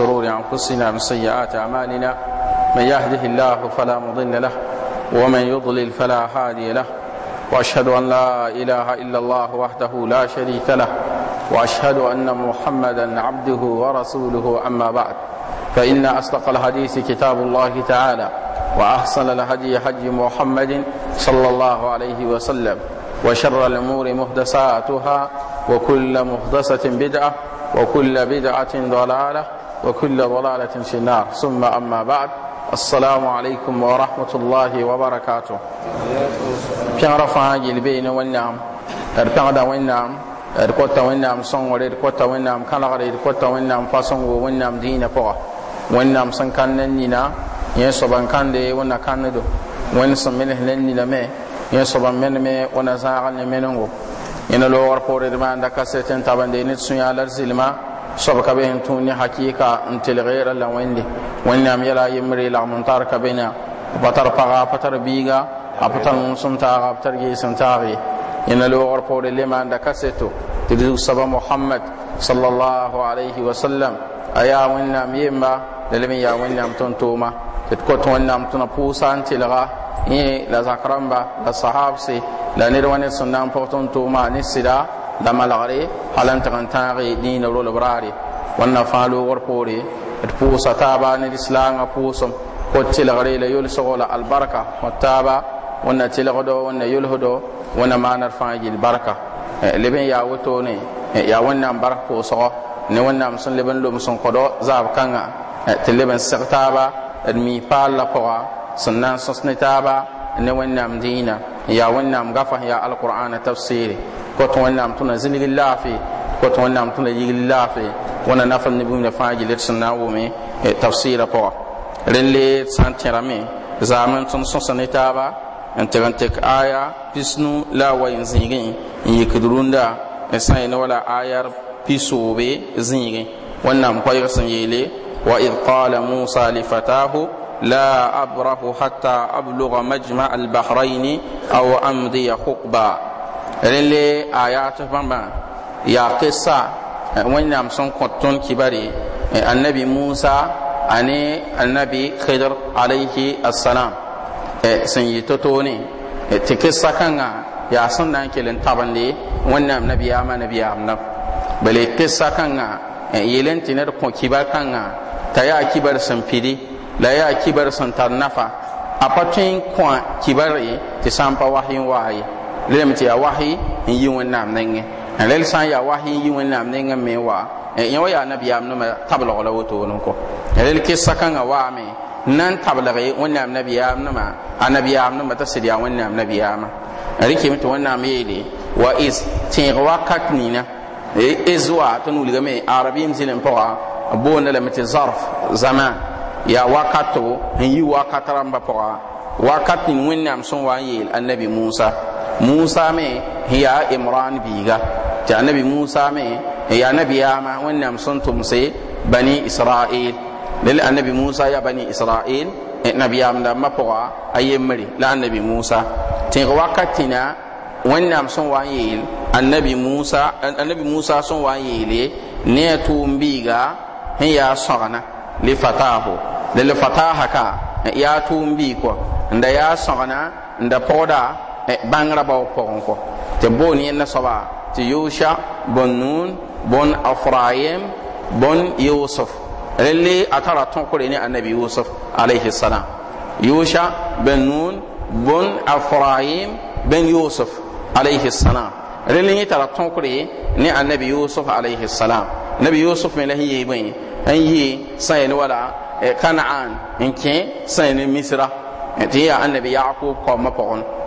شرور أنفسنا من سيئات أعمالنا من يهده الله فلا مضل له ومن يضلل فلا هادي له وأشهد أن لا إله إلا الله وحده لا شريك له وأشهد أن محمدا عبده ورسوله أما بعد فإن أصدق الحديث كتاب الله تعالى وأحسن الهدي هدي محمد صلى الله عليه وسلم وشر الأمور محدثاتها وكل محدثة بدعة وكل بدعة ضلالة وكل ضلالة في النار ثم أما بعد السلام عليكم ورحمة الله وبركاته كان رفع البين والنعم ارتعد والنعم اركوتا والنعم صنور اركوتا والنعم كنغر اركوتا والنعم فصنو والنعم دين فوق والنعم سنكن لننا ينصبا كان دي ونا كان دو ونسم منه لننا مي ينصبا من مي ونزاغ لمنه ينالو ورقور ارمان دكاسة تنتابن دينت سنيا لرزلما sob ka be tun hakika ntel ghayra la wende wanda am yala yimri la mun ka bena patar paga patar biga apatan sunta apatar ge sunta ge ina lo or po de lema da kaseto tidu saba muhammad sallallahu alaihi wa sallam aya wanda am yimba da lema ya wanda am ton toma tit ko ton nam tuna pusa antilga ni la zakramba la sahabsi la nirwani wani sunnan po ton toma ni sida da malgre halan tan taare dina rolo brare wanna faalu war pore at pusa taba ne islam a pusum ko tilgre la yul sogola al baraka wataba wanna tilgdo wanna yulhudo wanna manar faajil baraka leben ya woto ne ya wanna baraka puso ne wanna sun leben lum sun kodo zab kanga te leben sertaba mi palla poa sunnan sosnetaba ne wannam dina ya wannam gafa ya alqur'ana tafsiri ko tõnd wẽnnaam laafɩ yigl laafɩ wẽna nafl ne fãa na n wʋme tabsɩɩrã pʋga sã n tẽrame zaam n tõnd sõsa ne taaba a wa n zĩigẽ n yikd rũndã n sã ne wala لا أبره حتى أبلغ مجمع البحرين أو أمضي حقبا a ya ayat bãmba yaa qissa wẽnnaam sẽn kõ tõnd kibare annabi musa ane annabi khidr alayhi assalam sẽn yɩ to-toone tɩ qissa kãngã yaa sẽn na n kell n tabende wẽnnaam nabiyaamã nabiyaamdã bale qissa kãngã yɩl n tɩ ned kõ kibar kãngã t'a yaa kibar sẽn pidi la yaa kibar sẽn tar nafa a pa tõe n kõ kibare tɩ sã n pa wasy waa ye lelm tɩ yaa wasy n yi wẽnnaam nengẽ rel sã n yaa wasy n yi wẽnnaam nengẽ me wa eh, yẽ wa yaa nabiyaam nima tablg la wotoone kɔ rel kɩsa kãngã waame nan tablge wẽnnaam nabiyaam nima a nabiyaam nima t'a sɩd yaa wẽnnaam nabiyaamã rɩkɩm tɩ wẽnnaam yeele wa is tẽeg wakat nina e, is wa tɩ nulgame arabɩɩm zĩlm pʋga boonda lame tɩ zarf zaman yaa wakato n yi wakat rãmbã pʋga wakat nin wẽnnaam sẽn wa n yeel annabi musa musa me ya imran biga ta annabi musa me ya nabi ma wannan sun tumse bani isra'il lil annabi musa ya bani isra'il eh, nabi yam da mapwa mari la annabi musa wakati na wannan sun waye annabi musa annabi musa sun waye le ne biga ya sogana li fatahu lil fatahaka ya bi ko nda ya sogana nda poda Eh, bangra ba pɔgɔ kɔ tɩ boon yẽnda soaba tɩ bõn nuun bõn afraim bõn a tara tõkre ne annabi yʋʋsf alayhi salam bn nuun bõn afraim bn alayhi salam yẽ tara tõkre ne alayhi salam nabi yʋʋsf me la sẽn yee n yɩɩ sã wala eh, kanaan n kẽ sã misra eh, tɩ yaa annabi yaqub kɔbmã pʋgẽ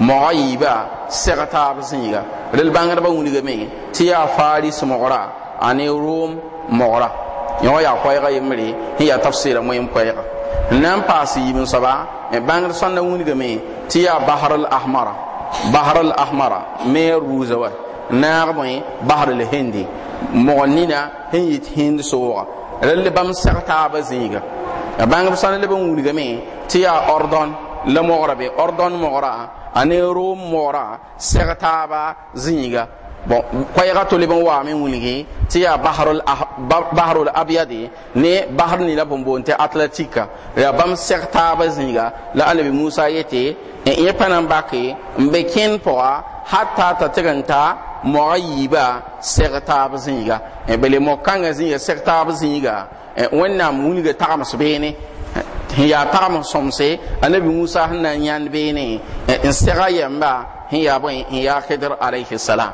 معيبا سغتا بسنجا رل بانغر با وني گمي تيا فارس مغرا اني روم مغرا يو يا خوي غي هي تفسير مهم كوي نام باسي من صبا بانغر سن وني گمي تيا بحر الاحمر بحر الاحمر مير روزوا نعم مي بحر الهندي مغنينا هي هند سو رل بام سغتا بسنجا بانغر سن لبن وني تيا اردن لمغربي اردن مغرا a ah, ne room moora sɛg taaba zĩiga bon koɛɛgã tole bn waa me wilgi tɩ yaa bahrul abyadi ne bahr ni bn boon tɩ atlantika yaa bãmb sɛg taaba la anabi musa yete e yẽ pa na n bake n t'a tɩg n ta zinga e bele mokãngã zĩiga sɛg taab zĩiga e wẽnnaam wilga tagems beene sẽn paramo somse anabi musa hanna na n yãnd in n sɛga yɛmba sẽn yaa ya n alayhi salam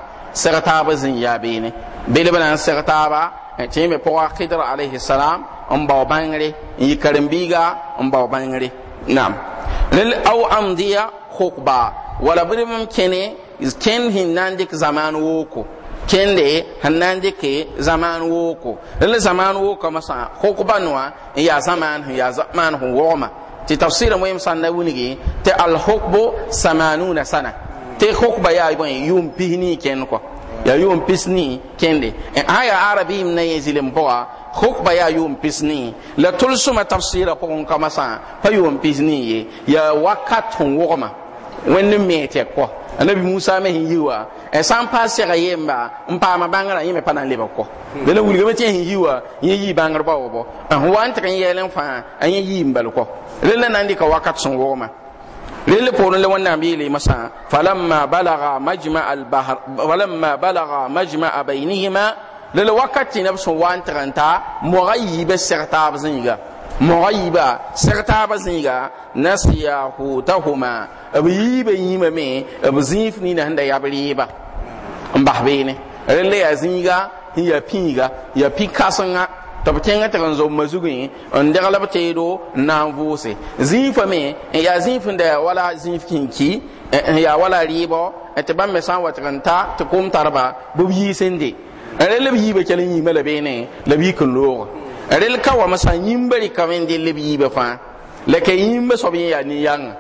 ta ba zin ya beene bele b na n sɛg taaba tɩ yẽ me po khidr alayhi salam n bao bãngre yi yɩ karen-biiga ba bao bãngre nam lil aw amdiya hokba wala bɩ d ken hin nan dik na n dɩk kende hannan na zaman woko lalle zaman woko masa wookame sã hokba noa n yaa zãmaan sẽn yaa zãmaan sẽn wogma tɩ tafsɩrã wẽm sãn da samanuna sana te hukba ya bõe yum pihni ken ko ya yum pisni kende e aya arabi min arabɩɩm na yẽ zɩlem pʋga hokba yaa yʋʋm pis nii la tʋlsʋma tafsɩrã pʋgẽ kama sã pa yum pisni nii ye yaa wakat sẽn wogma wẽnd n mee anabi musa me hin yiwa e san pa se ga yemba mpa ma bangara yeme pa nan leba ko de la wulga metin hin yiwa yin yi bangar ba wo bo an wan tan yelen fa an yin yi mbal ko lele nan di ka wakat sun wo ma lele poron le wannan bi le masa falamma balaga majma al bahr falamma balaga majma bainihima lele wakati nabsun wan tan ta mo ga yi be serta abzinga mɔgɔyiba sɛgtaaba zĩiga nasiya hutahuma b yiibã yĩmã me b zĩig nina sẽn da yab rɩɩba n bas beene rẽn la yaa zĩiga n ya pĩiga ya pikãsengã tɩ b kẽngã tɩg n zob-ma zugẽ n deglb teedo n na n vʋʋse zĩig fa me n yaa zĩig fẽn da ya wala zĩig kẽn ki n yaa wala rɩɩbɔ tɩ bãmb me sã n wa tɩg n ta tɩ kʋm tarba b b yiis n de rẽn la b yiibã kell n yĩmã la beene la b yik n loogẽ rel ka wa masa yimbari kamen de lebi ba fa la ka yimba so bi ya ni yang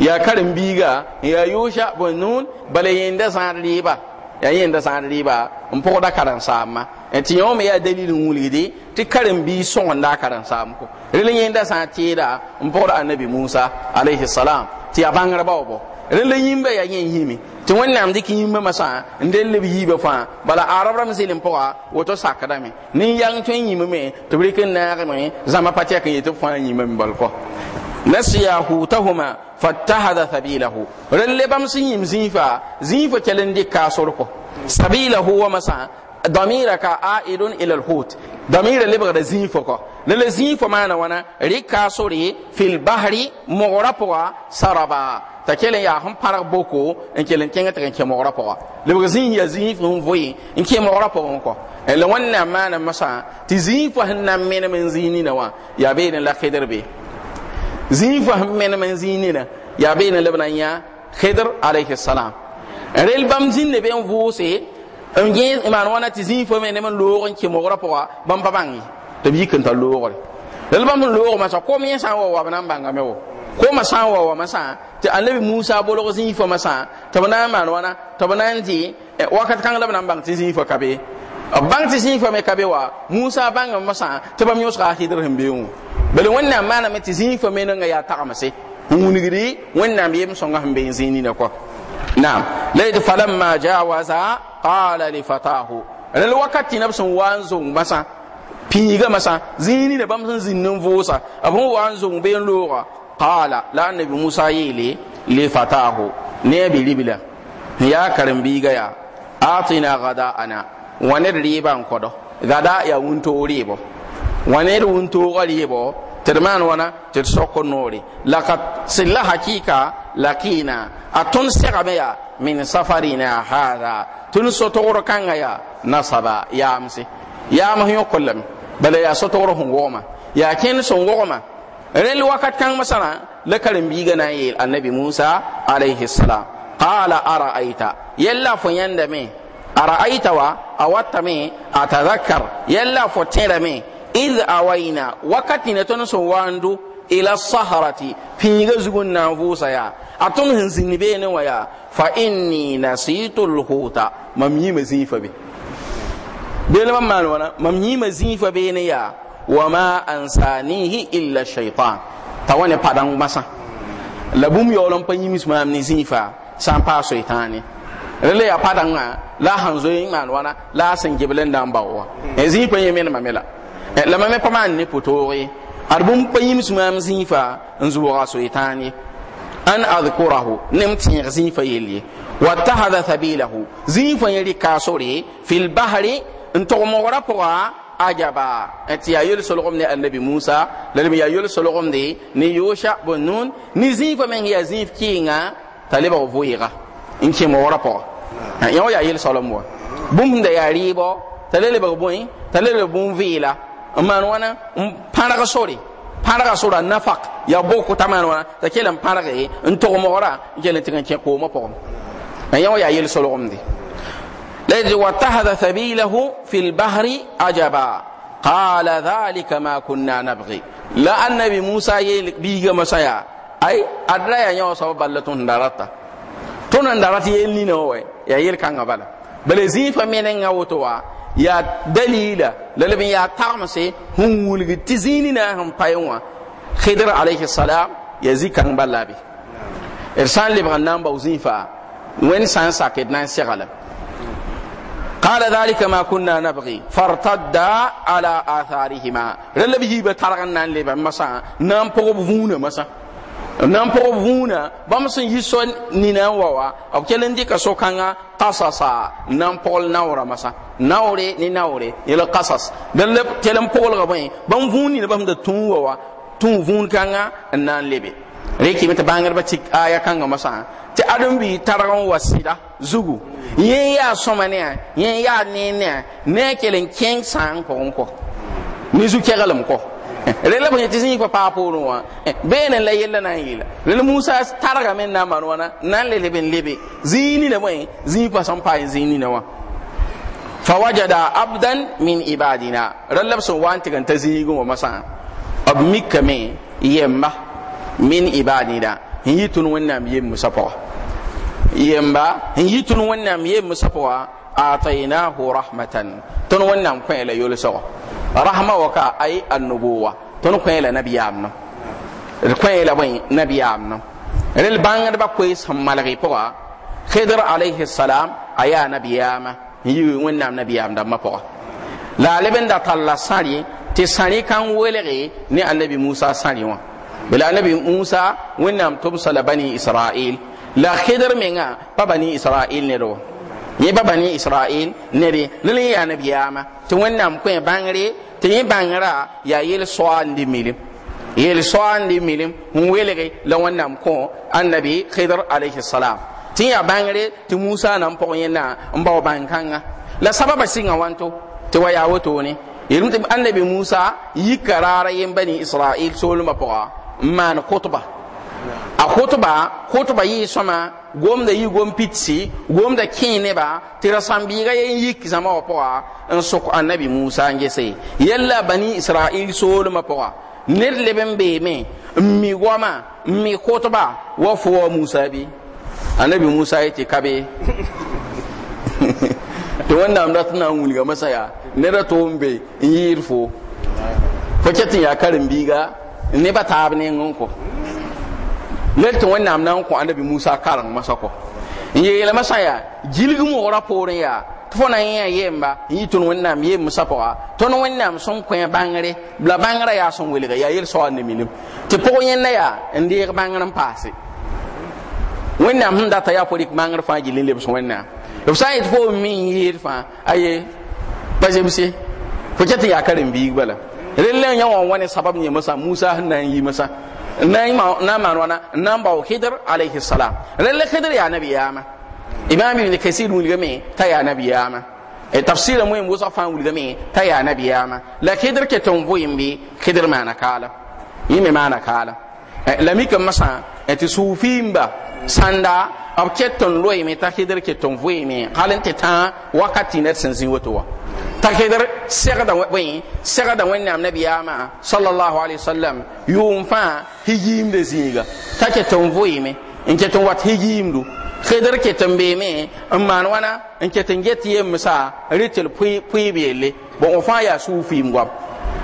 ya karim biga ya yusha bun nun bala yinda san riba ya yinda san riba in po da karan sama en ti yom ya dalilin wulidi ti karim bi son da karan sam ko rel yinda san tira in da annabi Musa alaihi salam ti abangara bawo rẽla yĩmba yaa yẽ yĩme tɩ wẽnnaam dɩk yĩmba masã n del leb yiibã fãa bala arab rãmb zelem pʋga woto sakdame nin-yang tõe n yĩmame tɩ b rɩk n naagme zãma pa tɛk n yetɩ b fãa yĩmame bal kɔ nasiya hutahuma fattahada sabilahu rẽlle bãmb sẽn yĩm zĩifa zĩifa kell n dɩk kaasorkɔ sabilahu wa masã damira ka aidun ila ضميرك عائد الى الحوت ko le زيفك للزيف معنا وانا ريكا سوري في البحر مغرقا saraba t'a kelen n yaa sẽn boko n kell n kẽng tɩg n kẽ moogrã pʋga lebg zĩig n kẽ moogrã pʋgẽ kɔ la wẽnnaam maana masã tɩ zĩig fa sẽn na n menem n zĩig nina wã la be fa yaa beed n leb na n yã kɩdr alayhisalam e rel bãmb be n vʋʋse n gẽ n maan wãna tɩ zĩig fa menem n loog n kẽ moogrã pʋga bãmb pa bãng tɩ b yik n tar rel wa wo ko masã wa wa masã tɩ annabi musa bolg zĩifã masã tɩ b na n maan wãna tɩ b na n dɩ e, wakat kãng la b na n bãng tɩ ka be b bãng tɩ ka be wa musa bãngame masã tɩ bam yõsga a hɩdr sẽn beoong bala wẽnnaam maaname tɩ zĩifã me nengã yaa tagemse n wilgri wẽnnaam yem sõnga sẽn be n zĩig nina kɔ naam la falamma jawaza qala lifatahu rel wakat tɩ sẽn wa n zong masã piiga masã zĩig nina bãmb sẽn zĩnd n vʋʋsa b sẽn wa qala la annabi musa yele li fatahu ne bi libla ya karim biga ya atina gada ana wani riban kodo gada ya wunto ribo wani wunto ribo tirman wana tir sokko nori laqad silla hakika lakina atun sagame min safarina hada tun sotoro kanga ya nasaba ya amsi ya mahyo kullam bala ya sotoro hungoma ya kin sungoma rel wakat kan masara la karim biga na yi annabi Musa alayhi salam qala ara'aita yalla fo yanda me ara'aita wa awatta me atadhakkar yalla fo tera me id awaina wakati ne ton so wandu ila saharati fiiga zugun na vusa ya atun hinsin be ne waya fa inni nasitu alhuta mam yi mazifa be dele mam mal wana mam yi mazifa be ne ya wama ansanihi illa shaitan ta wani padan masa labum yolon pa yimis ma amni zifa san pa shaitani rele ya padan la hanzo yin man wana la san giblen dan bawa e zi pa yemen mamela la mame pa man ni putori arbum pa yimis ma amni zifa nzuwa shaitani an adhkurahu nimti zifa yeli wattahada thabilahu zifa yeli kasori fil bahri ntogmogora poa ajaba ti ya yel sologom ne annabi musa lalim ya yel sologom de ni yosha bon nun ni zin fa men ya zin kinga taliba voyiga in ce mo wara po ya wa ya yel solom wa bum da ya ribo talele ba boy talele bum vila man wana um, paraga sori paraga sura nafaq ya boko taman wana ta kelam paraga en to mo wara jelen tinga ce ko mo po ya wa ya yel sologom de لذي واتخذ سبيله في البحر عجبا قال ذلك ما كنا نبغي لا النبي موسى يبيغ بيغا مسايا أي ادرا يا نيو بلتون دارتا تندارتا تندارتا يلني نو يا كان غبل بل زيفا من غوتوا يا دليلا للبن يا تغمسي هم ولغ تزيننا هم بايوا خضر عليه السلام كان بلابي بي لي بغنام بوزيفا وين سان ساكت نان سيغالا قال ذلك ما كنا نبغي فارتدا على آثارهما رلب هيبة ترغن نان لبا مسا نام بغب فونا مسا نام بغب فونا بمسن يسول نينا ووا أو كلن دي كسو كانا قصصا نام بغل نورا مسا نوري ني نوري يلا قصص رلب كلن بغل غبين بم فوني نبهم دا تون ووا تون فون كانا نان لبي reki mata bangar ba cik aya kan ga masa ti adun bi taran wasida zugu yin ya soma ne yin ya ne ne ne kelen king san ko ko ni zu ke kegalam ko rela bani ti sin ko pa po no wa benen la yella na yela le musa taraga men na man wana nan le le leben lebe zini na mai zini pa san pa zini na wa fawajada abdan min ibadina rallab so wanti kan tazini go masa ab mikame yemma min ibadina hin yi tun wannan yi musa fa yamba hin yi tun wannan yi musa atainahu rahmatan tun wannan kwai la yul so rahma wa ka ai annubuwa tun kwai la nabiyam no kwai la bai nabiyam no rel bangar ba kwai sammalri fa khidr alayhi salam aya nabiyama yi wannan nabiyam da mafa la leben da talla sari ti sari kan welere ne annabi musa sari wa bela nabi musa wẽnnaam tʋb sala bani israel la kɩdr menga pa bani israel ned wa yẽ pa bani israel nede rel n yaa nabiyaama tɩ wẽnnaam kõ bãngre tɩ yẽ bãngrã yaa yel soa n de milem yel soa n de milem n welge la wẽnnaam ko annabi kɩdr alaihisalam tɩ n ya bangare. tɩ musa na n pʋg yẽnna n bao bãng la sababa sɩngã wa n to tɩ wa yaa wotone yelim annabi musa yi raara bani a kʋtba kʋtba yɩɩ sõma gomda yɩ gom pitsi gomda kẽe neba tɩ rasãm-biiga yen yik zãma wã pʋga n sõk musa n gese yɛlla bani israil soolmã pʋga ned leb n beeme n mi goamã n mi wa fo musa bɩ annabi musa yetɩ ka be tɩ wẽnnaam rat n na n masaya. masã da ned a tʋʋm be n yɩɩr fo fo ket n yaa karen-biiga nebã taab neng n kɔ lel tɩ wẽnnaam na n anabi musa karin masã kɔ n yeela masã yaa jilg moogrã poorẽ yaa tɩ na n yẽ yemba n yɩ tõnd wẽnnaam yeemsã pʋga tõnd wẽnnaam sẽn kõ bãngre la bãngrã Ya sẽn welga yaa yel-soa ne milem tɩ pʋg yẽnda yaa n deeg bãngr n paase wẽnnaam sẽn data yaa fo rɩk bãngr fãa gill n lebs b sã n yet fo min yɩɩr fãa aye pa zemse fo ket n yaa karen-biig bala rel la yã wã wa ne sabab n yẽmã sã musa sẽn na n nan sã n na n maan wãna n na n bao hidr alayhi salam rel la hidr yaa nabiyaama imam ibn kasir wilgame t'a yaa nabiyaama eh, tafsira moyem wʋsg fãa wilgame t'a yaa nabiyaama la hidr ket n vʋɩɩmbe hidr maana kaala yẽ me maana kaala eh, la mikame eh, sã tɩ suufiimba sanda b ket tõnd loeeme t'a hɩdr ket tõnd voeeme hal n tɩ tã wakati ned sẽn zĩ woto wa t'a hɩdr segda bõe nam nabi ama sallallahu alaihi wasallam yʋʋm hijim de ziga t'a ket tõnd voeeme en ket n wat hijim du ket n beeme n maan wãna n ket n get yemsa rɩ tɩ d pʋɩɩb yelle bõn fãa yaa suufɩɩm goab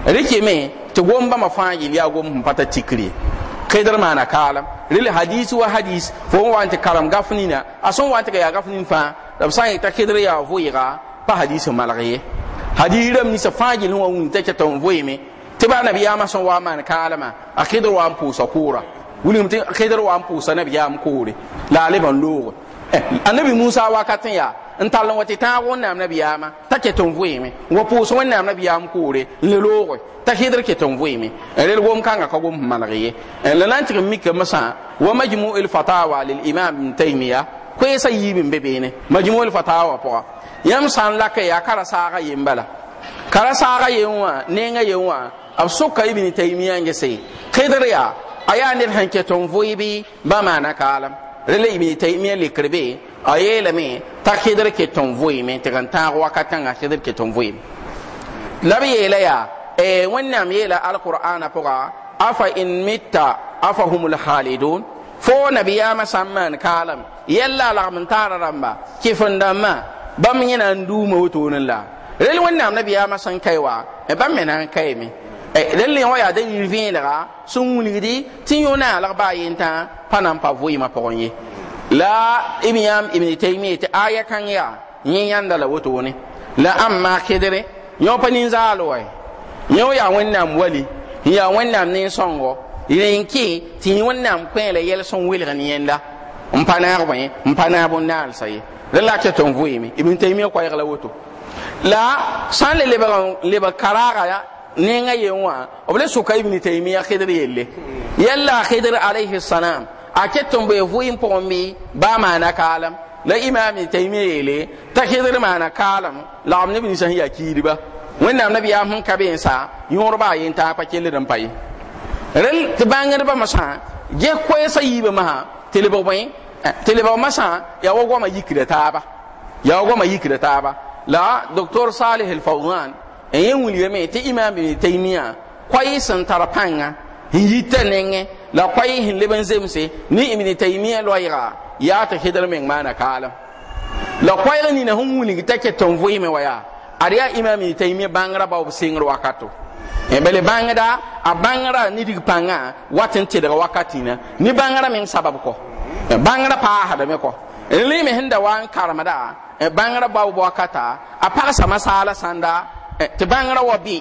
rɩ keme tɩ gom-bãmbã fãa yel yaa gom kedr maana kaalam rel hadis wa hadis fo n wa n tɩ karem gaf nina a sẽn fa, n tɩ ta yaa ya nin fãa la b sã n pa hadis n hadis rãmb ninsã fãa gill wã ta t'a kɛta n vʋɩɩme tɩ baa wa n maan kaalmã wa n pʋʋsa koora wilgm tɩ wa n pʋʋsa nabiyaam koore la a leb annabi musa wakatin ya n tall n wa tãag wẽnnaam t'a ket n vɩɩme n wa pʋʋs wẽnnaam nabiyaam koore n le t'a hɩdr ket n vɩɩme rel wom-kãngã ka wʋm malg ye la na n tɩg wa majmu fatawa lil imam ibn taimiya koeesa yiib n be beene majmu fatawa pʋga yãmb sã n lak yaa kara saaga yen bala kara saaga wã nengã yen wã b sʋka ibn taimiya n gese hɩdr yaa a yaa ned sẽn ket n vɩɩbɩ bã maana kaalem rela ibn taymiya le krebe ayela me takidar ke ton voyi me tagan ta wakatan a sidar ke ton voyi labi yela ya e wannan yela alqur'ana poga afa in mitta afa humul khalidun fo nabiyama samman kalam yalla la mun tara ramba kifandama bam yana nduma wotonin la rel Nabiya nabiyama san kaiwa e bam menan kai me lele eh, wa ya dan yin vẽelga sẽn wilgdi tɩ yõ na alg baa yentã pa na n pa vɩɩmã pʋgẽ ye la ibn yam ibn taymiya tɩ aya kãng yaa yẽ yãnda la wotone la amma kɩdre yõ pa ninzaal wa yõ yaa wẽnnaam wali n yaa wẽnnaam nin-sõngo ren kɩ tɩ yẽ wẽnnaam kõ la yɛl sẽn wilg n yẽnda n pa naag Mpana n pa naab n naalsa ye rẽ la tɩ tɩ n vɩɩme ibn taymiya koɛɛg la woto la san n le lebg karaaga nenga yenwa obule suka ibn taymiya khidr yelle yalla khidr alayhi salam aketum be vuim pombi ba mana kalam la imam taymiya yelle ta khidr mana kalam la amne bin sahi yakiriba wanda annabi ya hun kabe sa yorba yin ta pa kelle dan pai rel tibangar ba masa je koy sayi ba ma eh, telebo bai telebo masa ya wogo ma yikira taba ya wogo ma yikira taba la doktor salih al-fawzan n yen wilgame tɩ imam ibn taimia koy sẽn tar pãnga n yita nengẽ la koy sẽn leb n zemse ne ibn taimia loɛɛga yaa tɩ hɩdr meng maana kaalem la koɛɛg nina sẽn wilg t'a ket n vɩɩme wa yaa ad yaa imam ibn taimia bãngrã baob sɩngr wakato bele bãngda a bãngrã nidg pãngã wat n tɩdg na ne bãngrã meng sabab kɔ e bãngrã paasdame kɔ rẽ me sẽn e da wa n karemda e bãngrã baob wakata a pagsama saala sãnda Eh, tɩ bãngrã wa bɩ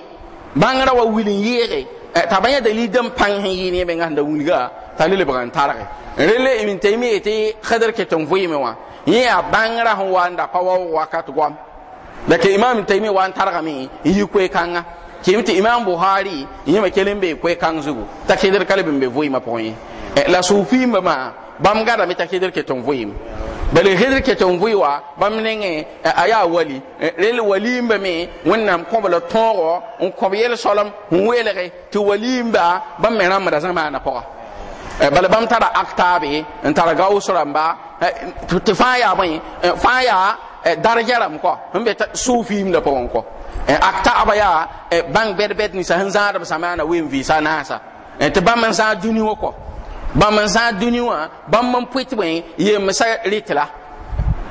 bãngrã wa wil n yɩɩge eh, t'a bã yã dalil dẽn pãng sẽn yɩɩ ne menga sẽn da wilga t'a le lebg n targe rel ibn taimia tɩ hɛdr ket n vɩɩme wã yẽ yaa bãngrã sẽn wa n da pa waoog wakat goam la ke imam taimia wa n targame n yi koe-kãngã kɩɩm tɩ imam buhari me kell n bee koe-kãng zugu t'a kɩdr ka leb n be vɩɩmã pʋgẽ eh, la sufiimbã maa bam gada mi ta hidir ke ton vuyim bal hidir ke ton vuywa bam nenge eh, aya wali rel eh, wali mbe mi wonnam ko bala toro on ko yel solam welere to wali ba bam me ramada sama na poa eh, bala bam tara aktabe en tara gausramba ti fa ya mai fa ya darajaram ko mbe sufim da pawon ko akta ya bang bed ni sa hanzara sama na wem visa nasa ti bam man duni ko bãmb n zãag dũni wã bãmb n pʋɩt bõe yembsã rɩt la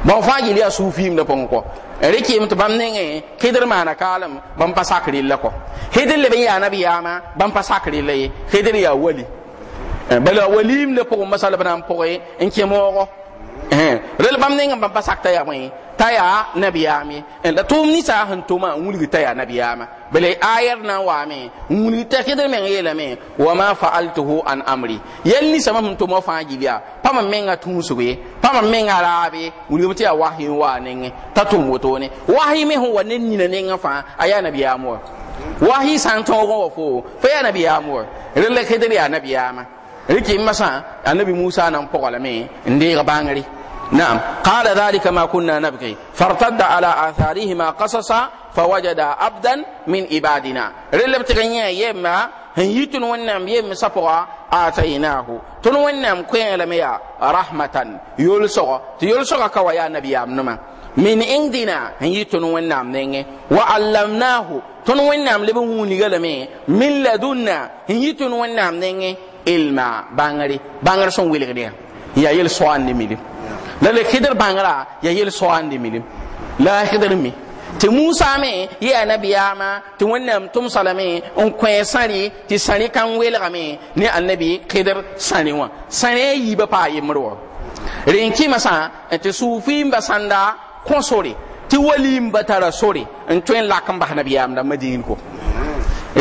bõn fãa yel yaa suufiimdã pʋgẽ kɔ rɩk yem tɩ bãmb nengẽ e, kɩdr maana kaalem bãmb pa sak rɩlla kɔ hɩdr leb n yaa ma bãmb pa sak rɩlla ye hɩdr yaa wali eh, bala waliim la pʋgẽ masala b na n pʋgẽ e, n kẽ moogɔ Eh, rel bãmb nengã bãmb pa t'a ya bõe t'a yaa nabiyaam ye la t'a bele na faaltuhu an amri me fo rel musa na n pʋgɔ lame نعم قال ذلك ما كنا نبغي فارتد على آثارهما قصصا فوجد عبدا من عبادنا رلب تغني يما هيتن ونم يم سفوا آتيناه تن ونم كوين لميا رحمة يلسغ تيلسغ كويا نبي أبنما من عندنا هيتن ونم نيني وعلمناه تن ونم لبن غلمي من لدنا هيتن ونم نيني علما بانغري بانغرسون ويلغري يا يلسوان نميلي la le khidr bangra ya yel soande milim la khidr mi ti musa me ya nabiyama ti wannan tum salame on kwen sari ti sari kan welga me ne annabi khidr sari wa sari yi ba pa yimro rinki masa ti sufi basanda konsori ti walim batara sori en twen lakan ba nabiyam da madin ko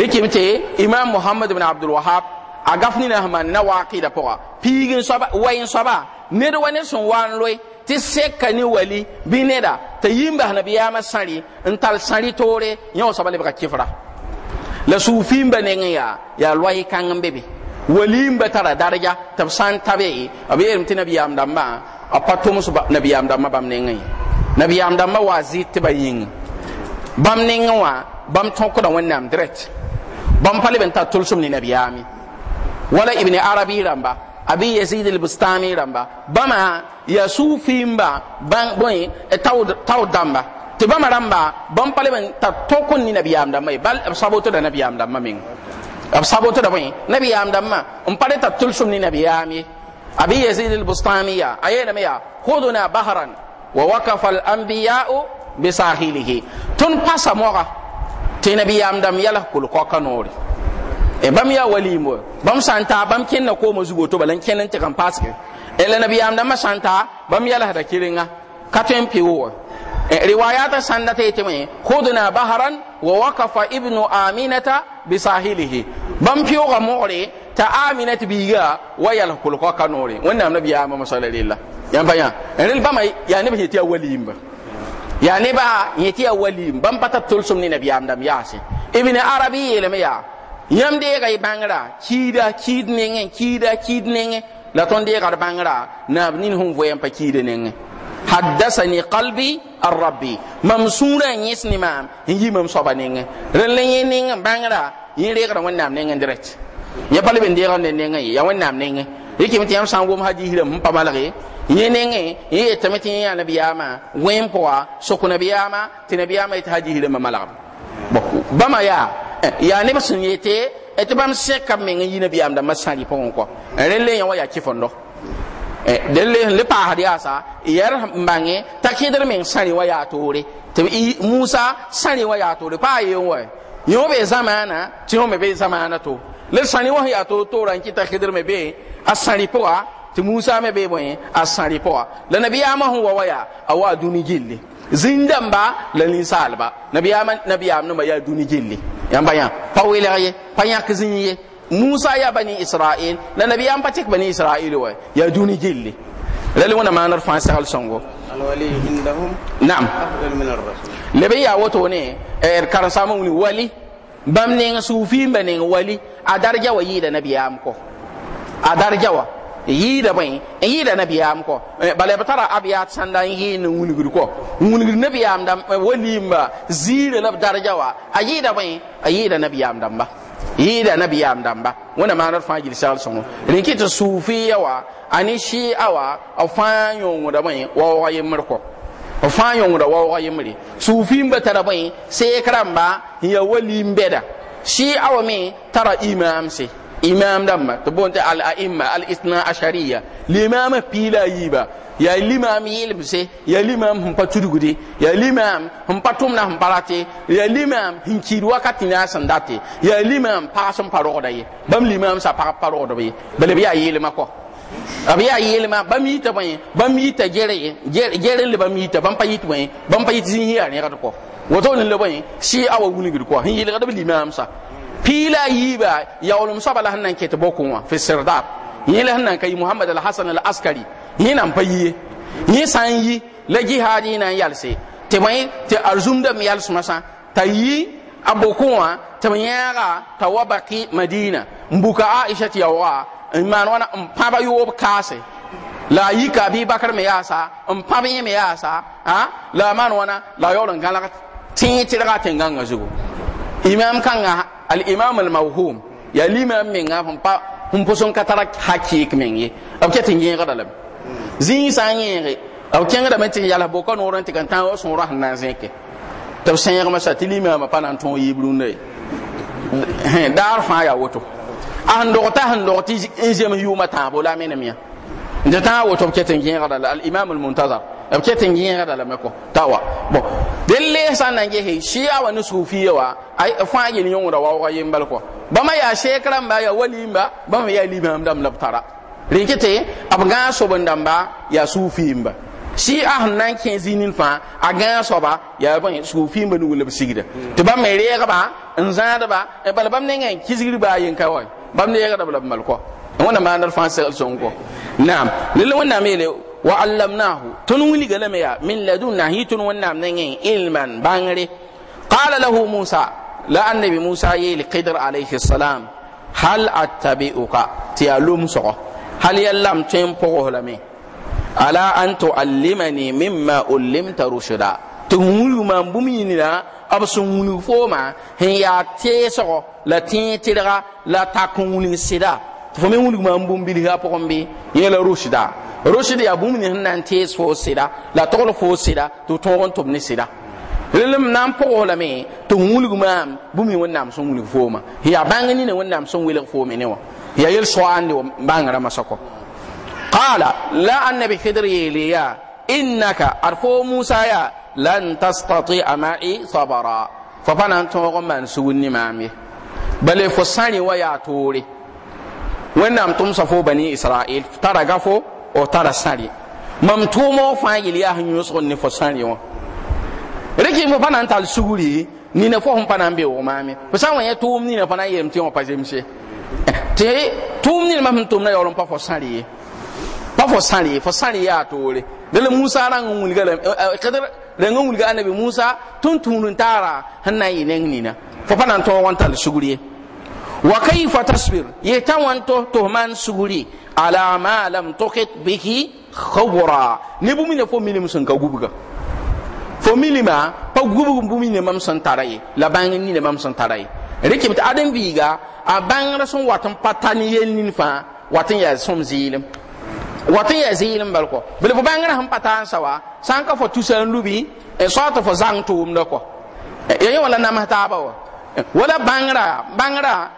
yake mace imam muhammad ibn abdul wahhab a gaf ni na man na wa qida poga pigin soba wayin soba ne do wani sun wan loy ti sekka ni wali bineda ta yimba na biya ma sari in tal sari tore nyo soba le baka kifra la sufin ba ne ya ya loy kan bebe walim ba tara daraja tab san tabe abi irim ti nabiyam damma apatum suba nabiyam damma bam ne ngai nabiyam damma wa zit bayin bam ne ngwa bam tonko da wannan direct bam pale ben ta tulsum ni nabiyami wala ibn arabi ramba abi yazid al-bustami ramba bama ya sufimba ban boy taw taw damba ti bama ramba ban pale ban ta tokun ni nabiyam damba bal saboto da nabiyam damba min ab saboto da boy nabiyam damba um pale ta tulsum ni nabiyam yi abi yazid al-bustami ya ayena me ya khuduna bahran wa waqafa al-anbiya'u bi sahilihi tun pasa moga ti nabiyam dam yala kul kokanori e bam ya wali mo bam santa bam kin na ko mo zugo to balan kenan ta kan paske ele eh, nabi am da santa bam ya la lahda kiringa katen piwo e eh, riwaya ta sanda te me khuduna baharan wa waqafa ibnu aminata bi sahilihi bam piwo ga mo ore ta aminata bi ga wa yal kulqa kanore wannan nabi ya amma sallallahu yan baya enel bama ya ne bi nabi wali mba ya ne ba yati walim bam patat tulsum ni nabi am dam yasi ibn arabi ya yãmb deega y bãngra kiida kiid nengẽ kiida kiid nengẽ la tõnd deegd bãngra naab nin sẽn voɛɛm pa kiida nengẽ haddasani qalbi arrabbi mam sũurã n yẽs ne maam n yi mam soaba nengẽ rẽn la yẽ neng n bãngra yẽ reegda wẽnnaam nengẽ d rɛt yẽ pa leb n deegd ne nengẽ ye yaa wẽnnaam nengẽ rɩkɩm tɩ yãmb sã n wʋm hadiis rãmb n pa malge yẽ nengẽ yẽ yetame tɩ yẽ yaa nabiyaamã wẽn pʋga sok nabiyaamã tɩ nabiyaamã yetɩ hadiis rãmbã malgb bãmba yaa ya ne sun te et ba se ka men yi na biyam da masari pon ko e rele yan waya kifondo e, dele le pa hadiya sa e yar mange takidar men sari waya tore to musa sari waya tore pa won wai yo be zamana ti ho me be zamana to le sari waya to ran ki takidar me be asari poa ti musa me be boye asari poa la nabi ama wa waya awa duni gilli zĩndãmba la ninsaalba nabiyaama nabiyaam namba yaa dũni gilli yãmba yã pa welg ye pa yãk zĩig ye musa yaa bani israel la nabiyaam pa tɩk bani israel wa yaa dũni gilli rel wẽna maan d fãa segl sõngo nam leb n yaa woto ne d karen-saamã wing wali bãmb neng sufiimba neng wali a darga wa yɩɩda nabiyaam kɔ a darga wa yiidame n yiida nabiyaam kɔ eh, bala b tara abiyaat sãn da n yɩɩn n wilgd kɔ n wilgd nabiyaam dãmb eh, wa liimba ziirã la b darga wa a yiidame a yiida nabiyaam dãmba yiida nabiyaam dãmba wẽna maana d fãa gil sagl sõngo rẽn kɩ tɩ suufiya wa a ne shɩɩa wa b fãa yõngdame waooga yembr kɔ b fãa wa waooga yembre suufiim ba tara bõe seek rãmba n ya wa liim bɛda shɩɩa wa me tara imaamse imam damba to bonte al aimma al isna ashariya limama pila yiba ya limam yelbse ya limam hum ya limam hum hum parate ya limam wakati na sandate ya limam paroda ye bam limam sa paroda biya ko abiya bam yita bam yita gere gere le bam yita bam payit bam payit zin ne ko wato ne le shi gidi ko hin da limam sa pila yiba yaulum sabala hannan ke tibokun wa fi sirdab yila hannan kai muhammad al hasan al askari yinan payi yi san yi la ni nan yalse te mai te arzum da mi yalsu masa yi abokun wa te yara wabaki madina mbuka aisha ti yawa iman wana mpaba yob kase la yi ka bi bakar me yasa mpaba yi me yasa ha la man wana la yolan galaka tin tiraga tenganga zugo imam kanga al imam al mawhum ya limam min nga hum pa hum poson katara hakik min yi ab ketin yin ga dalam zin san yin ri ab kenga da metin yala no woran tikan tan o rah rahna nan zeke tab san yin ma sa tilimam pa nan ton yibrun ne dar fa ya woto an ta han dogti injem yuma ta bola min miya d ta woto b ket n gẽegda la alimam almuntazam b e ket n gẽegda lame kɔ t'a wa bon dẽn san sã n na n gese shia wa ne sufiya wa fãa yel yõngda waooga yem bal kɔ ba yaa sheek rãmba ba walimba bãmba yaa limaam dãmb la b tara rẽ kɩte b gãag sob n dãmba yaa sufiimba shia sẽn na n kẽ zĩig nin fãa a gãag soaba yaa bõe sufiimba ne wilb sigda tɩ bãmb me reegba n zãadba bala bãmb ne n kisgr baa yen ka wa bãmb neegdb la b mal ko. wana ma wẽna maandr fãa segl sõngo naam lel wẽnnaam yeele wa allamnahu tun wili wilga me ya min ladunna yɩ wana wẽnnaam nge ilman bãngre qala lahu musa la annabi musa li qidr alayhi salam hal attabi'uka ti alum so hal yallam tõe n pʋgs me ala an tuallimani mimma ullimta rushda tun ma bumi ni maam ab yĩnira b fo ma fooma ya te so la tin tira la takun n sida fo me wulgu ma bum bili ha pokon bi yela rushida rushida ya bum na nan tes fo sida la tol fo sida to toron to ni sida lelem nan pogo la me to wulgu ma bum ni wonnam son wulgu fo ma ya bangani ne wonnam son wulgu fo me ne wa ya yel so ande bangara masako qala la annabi khidr yeliya innaka arfo musa ya lan tastati'a ma'i sabara fa fanan to man suwni mami bale fo sani wa ya tore wẽnnaam tʋm sa fo bani israel tara gafo o tara sãre mam tʋʋma fãa yel yaa sẽn yõsg ne fo sãre wã rɩkɩɩmbo pa na n tall sugri nina fo sẽn pa na n be maame fo sã n wa yẽ tʋʋm nina pa na n yeelm tɩ wã pa zemse tɩ tʋʋm nin mam sẽn tʋmda yaool n pa fo sãre ye pa fo ye fo sãre yaa toore musa rãng n wilga la rẽng n wilga anabi musa tʋn tũud n taara sẽn na n yɩ neng nina fo pa na n tõog n tall sugr ye wa kayfa tasbir yeta wanto to man suguri ala ma lam tuqit bihi khawra ne bumi ne fo minim sun ka gubuga fo ma pa gubugu bumi ne mam san taraye la bangi ni ne mam san taraye rikibit adam biga a bangra sun watan patani yel nin fa watan ya som zilim watan ya zilim balko bil fo bangra han patan sawa san ka fo tusan lubi e sota fo zang tum da ko yayi e, e, e, wala namata ba wala bangra bangra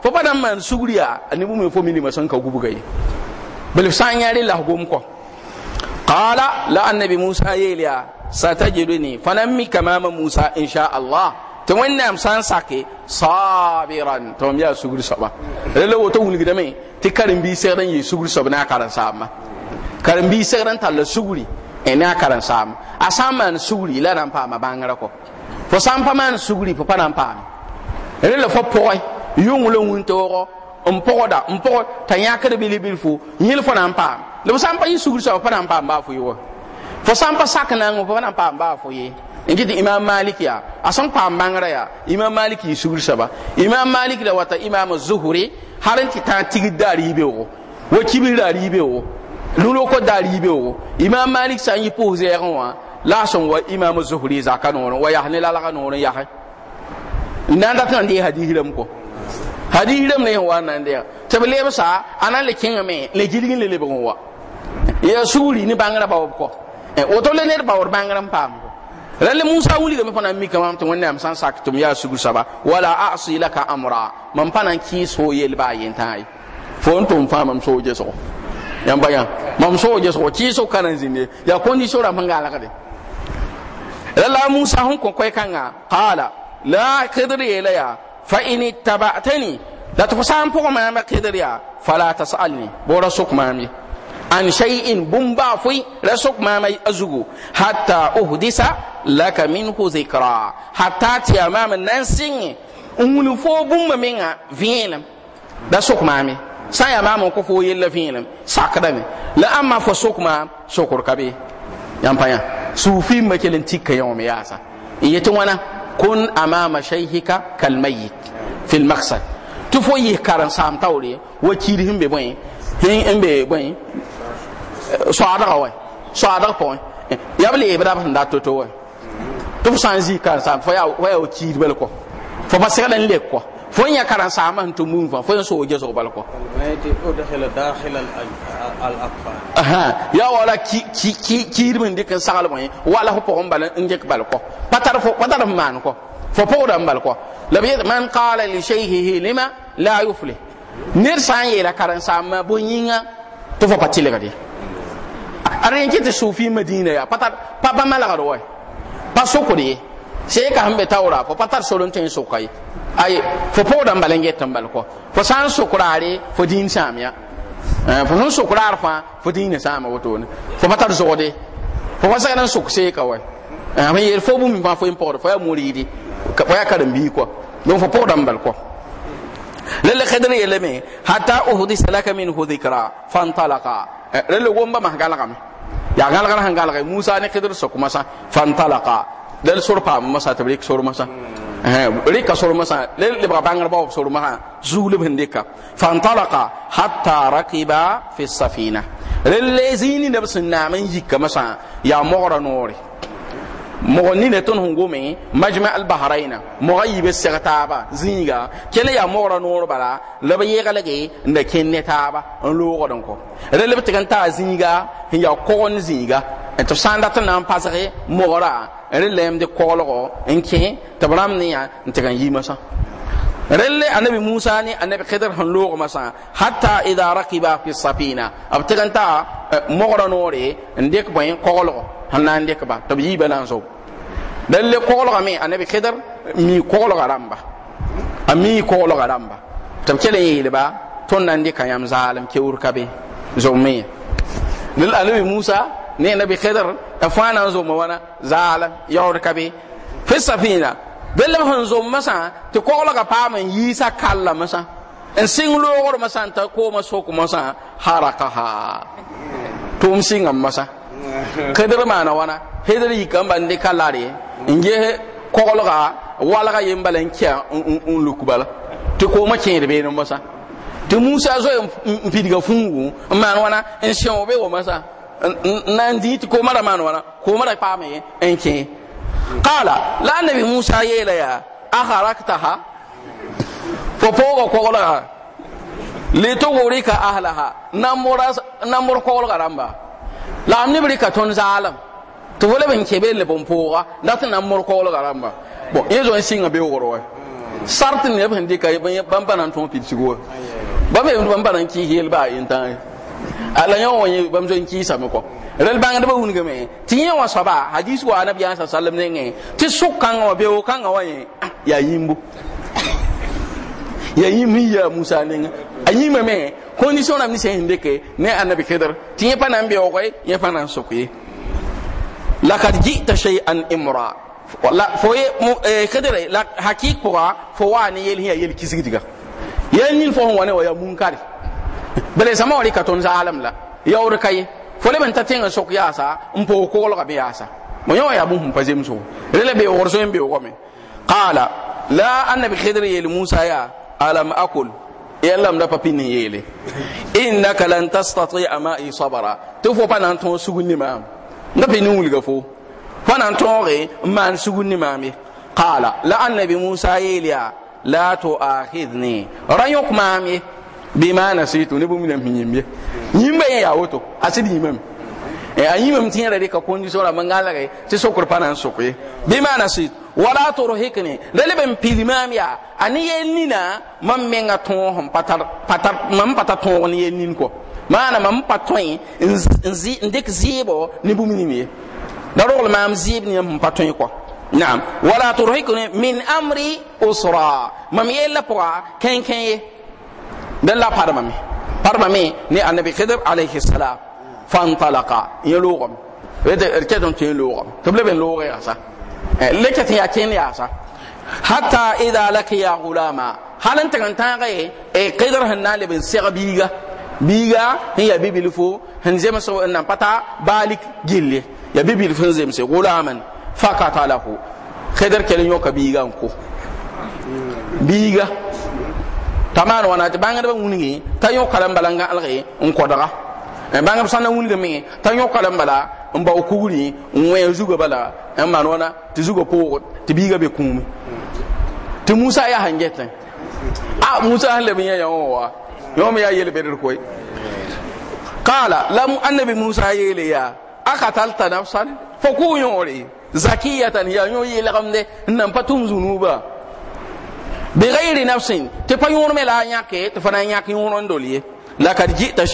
fo pa nan man sugriya ani bumi fo mini san ka gubuga yi bal san yare la gum ko qala la annabi musa yeliya satajiduni fanammi kamama musa insha allah to wẽnnaam sã san sake sabiran tɩ m yaa saba. soaba rela woto wilgdame tɩ Ti biisegd bi yɩ yi soab saba na karen-saamã karen bi n talla sugri ne a karen-saamã a sã sugri la na n paama bãngrã kɔ fo san n pa maan sugri fo pa na n paame rela fo pʋgẽ yʋngl n wĩntoogo n pʋgda n pʋg t'a yãkd bilbil fo yẽl fo na n paam leb sã n pa yɩ sugr soaba pa na n paam baa fo ye wa fo sã n pa sak nangẽ pa na n paam baa fo ye n kɩt imam malik yaa a sẽn paam bãngrã yaa imam malik yɩ sugr soaba imam malik la wata imam zuhri har n tɩ tã n tigd daar yɩ wa kibr daar yɩ beoogo lũ-loko daar yɩ beoogo imam malik sã n yɩ pʋʋs zɛɛgẽ wã la a sẽn wa imam zuhri zaka noorẽ wa yas ne lalga noorẽ yagẽ n na n dat n deesa diis rãmb hadis rem ne wa nan de tabale ba sa anan le kinga me le jilgin le le bon wa ya suri ni bangara ba ko e o to le ne ba or bangra pam lalle musa wuli ga me fana mi kamam to wannan am san sak tum ya sugu saba wala a'si laka amra man fana ki so yel ba yin tai fon tum famam so je so yan baya mam so je so ki so kanan zinde ya kondi so ra mangala kade lalla musa hun ko kai kanga qala la qadri ilaya fa in ittaba'tani da tu san po ma ma kedriya fala tasalni bora sok mami an shay'in bumba fui la sok mami azugo hatta uhdisa laka minhu zikra hatta ti amam nan singi ungulu fo bumba menga vienam da sok mami sa ya mama ko fo yella vienam sakada me la amma fo sok ma sokur kabe yampanya sufi makelin tikka yawmi yasa yete wana kun amama shaykhika kal mayyit fil maqsad tu fo yi karan sam tawre wa himbe boy hin himbe boy so ada so ada po ya bele to to wa tu fon ya karan sama to mun fa fon so je so ya wala ki ki ki kirmin de kan sagal wala ho pon balan nge balko patar fo patar man ko fo balko labi man qala li shayhihi lima la yuflih nir san yela karan sama bo yinga to fo patile gadi arin kiti sufi madina ya patar pa ba malagaro pa sẽn ka sẽn be taoora fo pa solon tõe n soka ay fo pʋʋda n bala n get n bal kɔ fo sã n sok raare fo dĩin sãam eh, ya fo sẽn sok raar fãa fo dĩinã sãama wotone fo pa tar zogde fo pa segd n sok seeka wa sẽn yeel fo fo n pʋgd fo yaa moriidi fo yaa karen-bii kɔ donc fo pʋʋda n bal kɔ lele khidr hatta uhdisa laka minhu dhikra fantalaqa eh, lele womba mas galgame yaa galgr sẽn galge musa ne khidr sokmasã fantalaqa dal sor pa masa ta rek sor masa rika sor masa le le ba bangar ba sor masa zulub hindika fa antalaqa hatta raqiba fi safina le le zini da sun na man yikka masa ya mogora nore mogonni ne ton hungume majma al bahraina mughayib as-saghtaba zinga kele ya mogora nor bala le ba yega lege nda kenne taba an lo godon ko le le zinga ya kokon zinga tɩ b sã n dat n na n pasge mogra rẽ lɛɛmde koglgo n kẽ tɩ b rãmb ne yã n tɩg n yiimã anabi musa ni anabi kɩdr sẽn loogmã sã hata ida rakiba fi safina b tɩg n ta eh, mogrã noore n ndek bõe koglgo sẽn na n dɩkba tɩ b yiibã la n zob rẽlle koglgame anabi kɩdr mii koglga rãmba a mii koglga rãmba tɩ b kell n yeelba tõnd na n dɩka yãmb zaalem keoor ka be zog me ya musa ne na bi khidr ta fana zo ma wana zala yawr kabe fi safina bella han zo masa to ko la ga pam yi sa kala masa en sing lo wor masa ta ko ma so ko masa ha to um singa masa khidr na wana khidr yi kan ban bande re nge ko la ga wala ga balen kya un lukubala to ko ma kene be no masa to musa zo en pidiga fungu man wana en shen obe wo masa nan diti ko mara man wana ko mara pame en ke qala la nabi musa yela ya akharaktaha fo pogo ko gola le to gori ka ahlaha namura namur ko gola ramba la ni bi ka ton zalam to wala ben kebe le bon poga datin namur ko gola ramba bon yezo singa be woro wa sartin ne ban dika ban ban ton pitsi go ba me ban ban ki hel ba yin tan ala yõ wã yẽ bãmb zoe n kɩɩsame kɔ rel bãngdbã wingame tɩ yẽ wã saba, hadis wa anabiyaã sa salm nengẽ tɩ Ti kãngã wã beoog-kãngã wã yẽ yaa yĩmbo ah, ya yĩm sẽn yaa musa nengẽ a yĩmã me condition rãmb ninsã sẽn deke ne anabi kɩdr tɩ yẽ pa na n beoog yẽ pa na n sʋk ye lakad jita shay'an imra fo ye e, kɩdre hakɩɩk pʋga fo waa ne yel sẽn yaa yel-kisgdga yel nin fo sẽn wa ne wa yaa munkare bele sama wali ka tun zalam la yawr kai fole ben tatin sok yasa mpo ko mo yo ya bum pa zem so rele be be me qala la annabi musa ya alam akul yallam da papini yele innaka lan to fo pa nan ma ni wul ga fo nan re man ma me qala la annabi musa yel ya la tu'akhidni rayuk ma me bi ma na sai to ne bu minam hinyem ye nyimba ya woto asidi yimam e ayimam tinyara de ka kondi sora mangala ga ti sokor pana sokwe bi ma na sai wala turhikni dale ben pilimam ya ani yenina mam menga ton hom patar patar mam patar ton ni yenin ko maana mam patoy nzi ndik zibo ni bu minim ye darol mam zib ni mam patoy ko na'am wala turhikni min amri usra mam yella poa ken ken ye dan parma mi ne annabi khidir alayhi salam fantalaqa yelugam wete er kedon tin lugam to blebe lugay asa eh, leket ya kin ya asa hatta idha laqiya gulama halan tan tan ga e khidir hanna le bin sirbiga biga hin ya bibil tamaan wana ti bãngdbã wilgi t'a kalam balanga la un gãlge n kodga bãngb sãn na me t'a yo kalam bala un eh, ba kugri un we zuga bala n eh, maan wana ti zuga po ti biga be kumi ti musa ya hangeta a ah, musa sẽn leb ya yã yã wã wa yõm yaa yel koy. koe qala la annabi musa yele ya a katalta nafsan fo zakiyatan ya yo yele n nan pa zunuba bi ghairi nafsin te pa yũrme la a yãke tɩ fa na n yãk yũr n dol ye lakad jita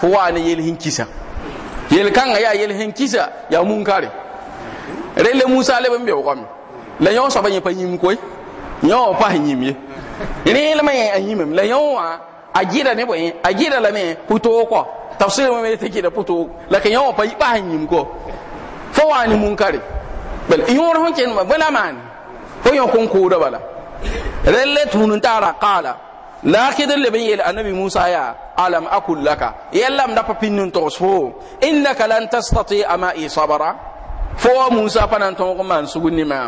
fo waa ne yel kisa yel-kãngã yaa yel sẽn kisa yaa munkare musa leb n beoogame la yõ soaba yẽ pa yĩm koe yõ wã pa sẽn yĩm ye rẽelmã yẽ a yĩmem la yõ wã a gɩda ne bõe a gɩda lame pʋtoogɔ tafsir me me tɩ gɩda pʋtoog la ka yõ wã pa pa sẽn yĩm fo waa ne munkare bal yõor sẽn kẽnma bõe la maane fo yõ bala relle tunun tara qala lakid le bin yel annabi musa ya alam akul laka yallam da papinnun to so innaka lan tastati ama isabara fo musa panan to ko man sugunni ma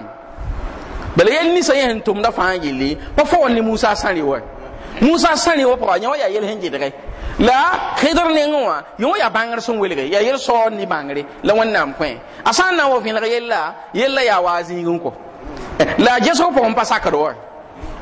bal yel ni sayen tum da fangili ko fo ni musa sani wa musa sani wa pa nyawa ya yel henji de la khidr ne ngwa yo ya bangar sun welge ya yel so ni bangre la wannan kwen asan na wo fin la yella yella ya wazi ngun ko la jeso pon pasakaro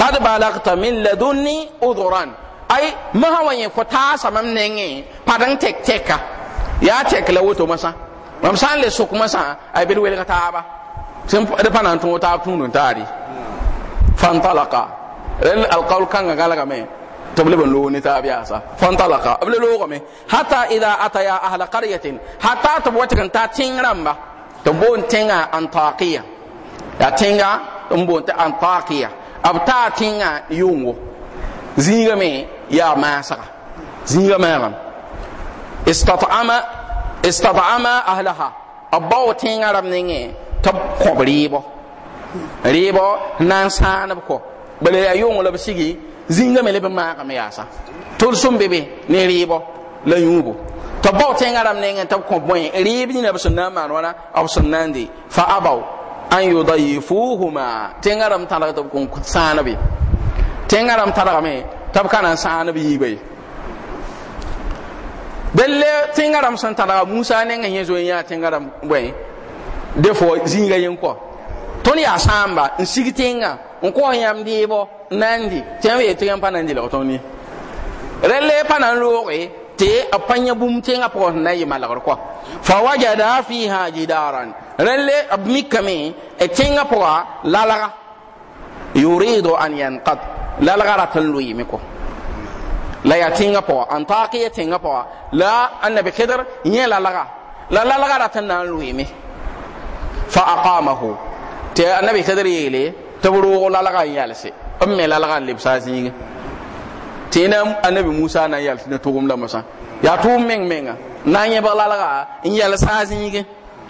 kad balagta min ladunni udhran ay ma hawa yin fo taasa mam nenge padan tek teka ya tek la woto masa mam san le sok masa ay bel wel taaba sem de panan to ta tunu tari fantalaqa rel alqawl kanga galaga me تبلي بنلو نتاب ياسا حتى إذا أتيا أهل قرية حتى تبوتك أنت تنغرم تبون تنغا أنطاقية يا تنغا تبون أنطاقية b taa tẽngã yʋngo zĩiga me yaa maasga zĩiga maagame istatama ahlaha b bao tẽngã rab nengẽ tɩ b kõb rɩɩbɔ rɩɩbɔ na n sãaneb kɔ bala yaa la b sigi zĩiga me le b maagame yaasa tʋlsem be be ne rɩɩbɔ la yũubo tɩ b bao tẽngã rab nengẽ tɩ b kõ bõe rɩɩb nina b sẽn na n maan wãna b sẽn na n de fa abaw an yi yi yudayifuhuma tengaram talaga tab kun sanabi tengaram talaga me tab kana sanabi yibe belle tengaram san talaga musa ne ngan yezo ya tengaram boy defo zinga yin ko ton ya samba nsigitenga nko yam dibo nandi tenwe tengan panandi la toni relle panan loqe te apanya bum tenga po na yima la ko fa wajada fiha jidaran rẽlle b mikame d e tẽngã pʋga lalga yurido an yanqad lalga rat n loɩɩme kɔ la yaa tẽngã pʋga n taak yɛ tẽngã pʋga la annabi kɩdr yẽ lalga la lalga rat n na n loɩɩme fa aqamahu tɩ annabi kɩdr yeele tɩ b roog lalga n yalse n me lalga n lebsa a zĩiga tɩ na annabi musa na n yals ne tʋgem la mosã yaa tʋʋm meng menga na n yẽbg lalga n yals a zĩige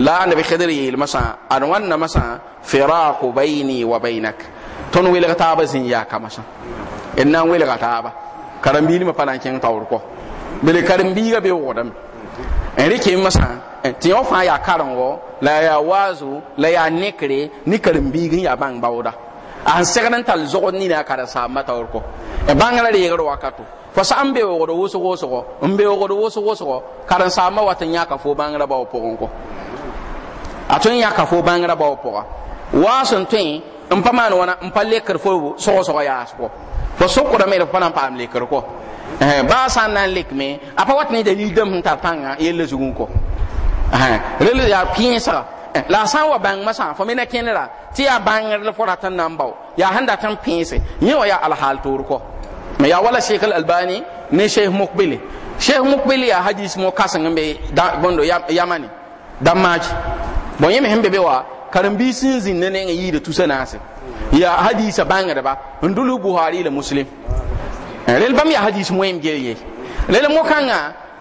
la nabi khidr yel masa an wanna masa firaqu bayni wa bainak ton wilga taaba sin ya ka masa en nan wilga taaba ni ma palan kin tawr ko bi ga be wodam en rike masa tɩ yõ ya karam wo la ya wazu la ya nekre ni karam bi gin ya bãng bawda an sẽn tal zo ni na kara sa ma tawr ko e bãng la reegr sa fo sã n be woogd wʋsg-wʋsgɔ n be woogd wʋsg-wʋsgɔ karen-saamba wat n ka fo bãngrã bao pʋgẽ ko a tõe n yãka fo bãngrã bao pʋga waa sẽn tõe n pa maan wãna n pa lekr fo sogsg yaasgɔ fo sʋkrame d fa na n paam lekr kɔ eh ba n na n me a pa wat ne ni dãmb sẽn tanga pãngã yella zugẽ kɔ eh, rel yaa kẽesga eh, la san wa bãngmã masa fo me na ti ya yaa bãngr fo rat nan bawo ya handa tan pinse ni wa ya yẽ wa yaa alhaal toor wala sheikh albani ne sheikh mukbili sheikh mukbili ya hadis mo kasan be bondo yamani damaji bon yẽ eh, eh, eh, me sẽn be be wa karen-biig sẽn zĩnd ne nengã yiida tusa naase yaa hadiisa bãngdba n dʋl buhari la muslim rel bãmb yaa hadiis wẽem gel ye rel mo-kãngã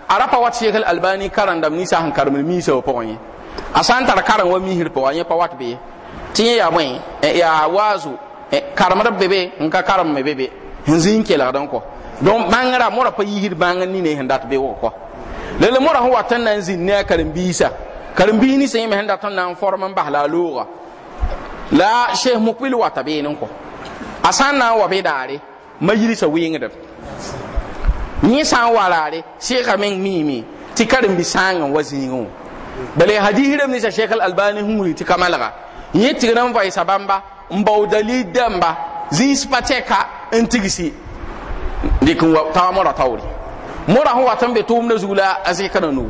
a ra pa wat sekl albani karendame ninsã sẽn karemd miisã wã pʋgẽ ye a sã n tar karen wa miisr pʋgã yẽ pa wat be ye tɩ yẽ yaa bõe yaa waazo karemd b be be n ka karem me be be n zĩn kelgd n kɔ donc bãngrã morã pa yiisd bãng nine sẽn dat be wã kɔ rel morã sẽn wat n na n zĩnd ne a karen-biisã karimbiisi ni sẽn yẽms tan nan forman bahla n la sheikh mukbil wa tabinin ko kɔ a na wa be dare majlisa wiyin da ni san warare raare sɩɩga mimi ti karim bi sãang n wa zĩigẽ wã bale hadiis rem ninsã sheikh albani hu ti kamalaga ni malga yẽ tigr n vɛɛsa bãmba n bao dalil dãmba zĩis pa tɛka n wa tawa tawri mura huwa tambe tumna zula be tʋʋmdã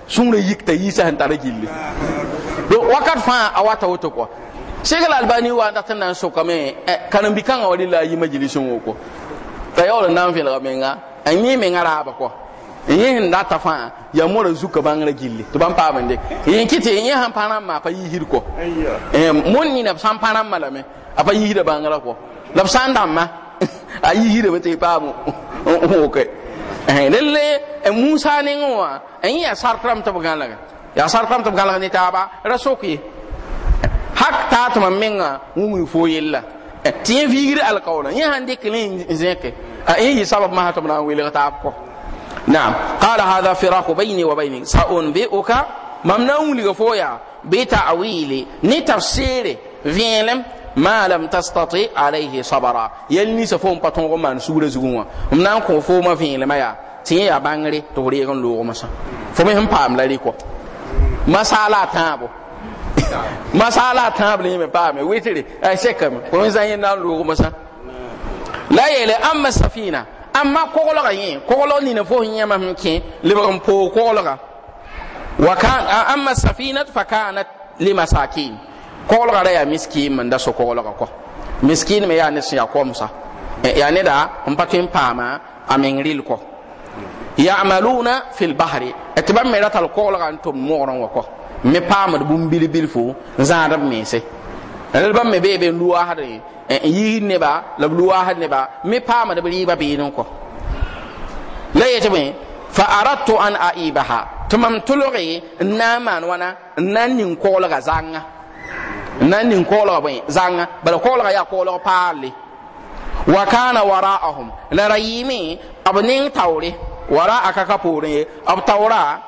sũurã yik t'a yiisa sẽn tara gilli wakat fãa a wata woto kɔ segl albani wa dat n na n sokame karen-bi-kãngã wa rela a yɩ majilis n woko t'a yaool n na n vẽlga menga n yẽ menga raaba kɔ n yẽ sẽn data fãa yaa mora zuka bãngrã gilli tɩ bãmb paam n dɩk yẽ kɩ tɩ yẽ sãn pa rãmb maa pa yiisd kɔ mon nina b sã n pa rãmbã lame a pa yiisda bãngrã kɔ la b sã n dãmba a yiisdame tɩ y paam o woke lele musa nengẽ wã n yaa sartrame tɩ b gãlga yaa sartrame tɩ b gãlg ne taaba ra sok ye hak taa tɩ mam menga wũgri foo yella tɩ yẽ viigr alkaoolã yẽ sãn dɩk le n zẽke yẽ yɩ sabab masã tɩ b na n welg taab kɔ naam qala hada firaku bayni wa bayni sa on be oka mam na n wilga foo yaa bɩ ta'wili ne tafsɩɩre vẽelem ma lam tastati alayhi sabara yel ni sa fon paton ko man suure zugu wa mnan ko fo ma fin le maya tin ya bangre to re gon logo masa fo me pam la ko masala tabo masala tabo ni me pam me witiri ay sekam ko zan yin nan logo masa la yele amma safina amma kogolo ga yin kogolo ni na fo hin yama mke le ba po kogolo ga wa kan amma safina fa kanat limasakin koglga ra miski miskin menda so-koglga kɔ miskin me yaa ne sẽn yaa kɔmsa yaa neda da pa tõe n paama a meng rɩl kɔ yamaluna fi lbahri tɩ ba me ra tall koglga n tʋm moogrẽ wã kɔ me paamd bũmb bil-bil fo n zãad b meese rel bãmb me bee be n luwaasd n yiisd neba la b luwaasd neba me paamd b rɩɩbã beed n kɔ la yetɩ bõe fa aradtu an aibaha tɩ mam tʋlge n na n maan wãna na n ning koglga zãnga nan nin koolg bõe zãnga bala kola ya kola pali wa kana wara'ahum la rayimi b tawri taoore wara'a ka ka poorẽ ye b taoora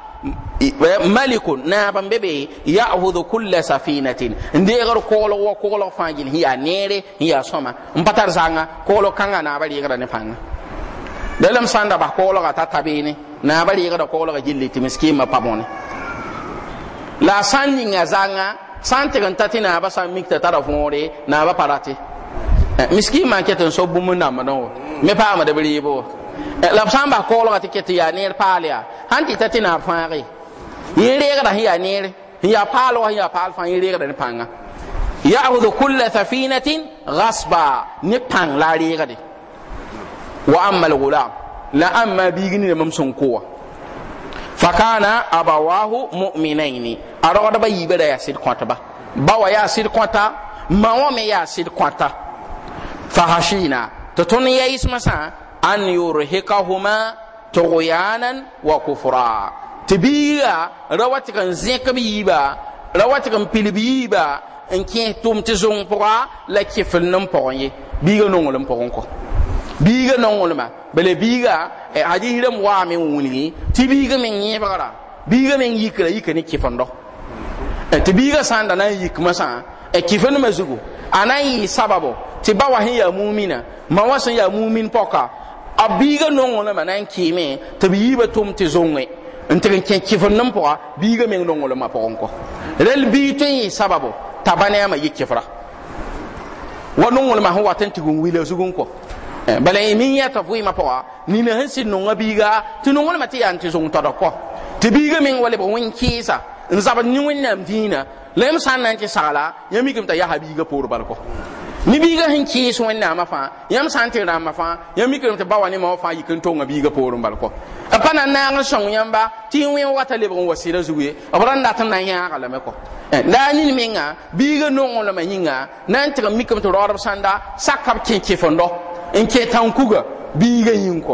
malikun naab n be be ya'hudu kulla safinatin n deegr koolg wa koolg fangin hiya nere hiya soma sẽn yaa sõma n pa tar zãnga koolg ne fanga dalam sanda ba da bas koolga ta tabeene na reegda koolga gilli tɩ miskiinmã pa bõne la a sã n ninga zãnga sã n tɩg n ta tɩ naaba sã n mik tɩ tara võore naaba pa rate miskiin maan ket n so bũmb n namdẽ wo me paamd b rɩɩb wo la b sã n bas koolgã tɩ ket n yaa neer paal yaa sãn tɩ ta tɩ naab fãage yẽ reegda sẽn yaa neere sẽn yaa paalga sẽn yaa paal fãa yẽ reegda ne pãnga ya'khudhu kulla safinatin ghasba ne pãng la a reegde wa amma al la amma biigi ne mam sẽn koa fakana abawahu mu'minaini arada ba yibara ya sir kwata ba bawa ya sir kwata mawa me ya sir kwata fahashina to ton ya isma sa an yurhikahuma tughyanan wa kufra tibira rawati kan zeka biba rawati kan pilbiba in kin tum tizon pora la kifin nan poron ye biga nongolon pogon ko biiga nonglma bele biiga e hadis rãmb wa me wũnigi tɩ biiga me yẽbgra biiga me yikra yika ne kɩfendɔ tɩ biiga sã n da na n yik e masã kɩfenemã zugu a na n yɩɩ sababo tɩ ba wa sẽn yaa mumina ma wa sẽn yaa mumin pɔka a biiga nonglmã na n kɩɩme tɩ b yiiba tʋm tɩ zʋŋe n tɩg n kẽ kɩfendem pʋga biiga meng nonglmã pʋgẽ kɔ rel bii tõe n sababo t'a ba ne ãmã yik kɩfra wa nonglmã sẽn wat n tɩg n wila zugu n kɔ bala min ya ta ma pa ni na hansi nonga biga tu nonga ma ti tada ko ti biga min wale ba won kisa in zaba ni won nam dina lem san nan ti sala ya mi kim ta ya habiga por bal ko ni biga hin kis won na ma fa yam san ti ram ma fa ya mi ni ma fa yikin to nga biga por bal ko apa na na ngal song yamba ti wen wata le bon wasira zuwe abran da tan nan ya kala me ko da eh, ni minga biga nonga la ma hinga nan ti mi kim to sanda sakab kin kifondo n ket sãn kuga biigã yĩng kɔ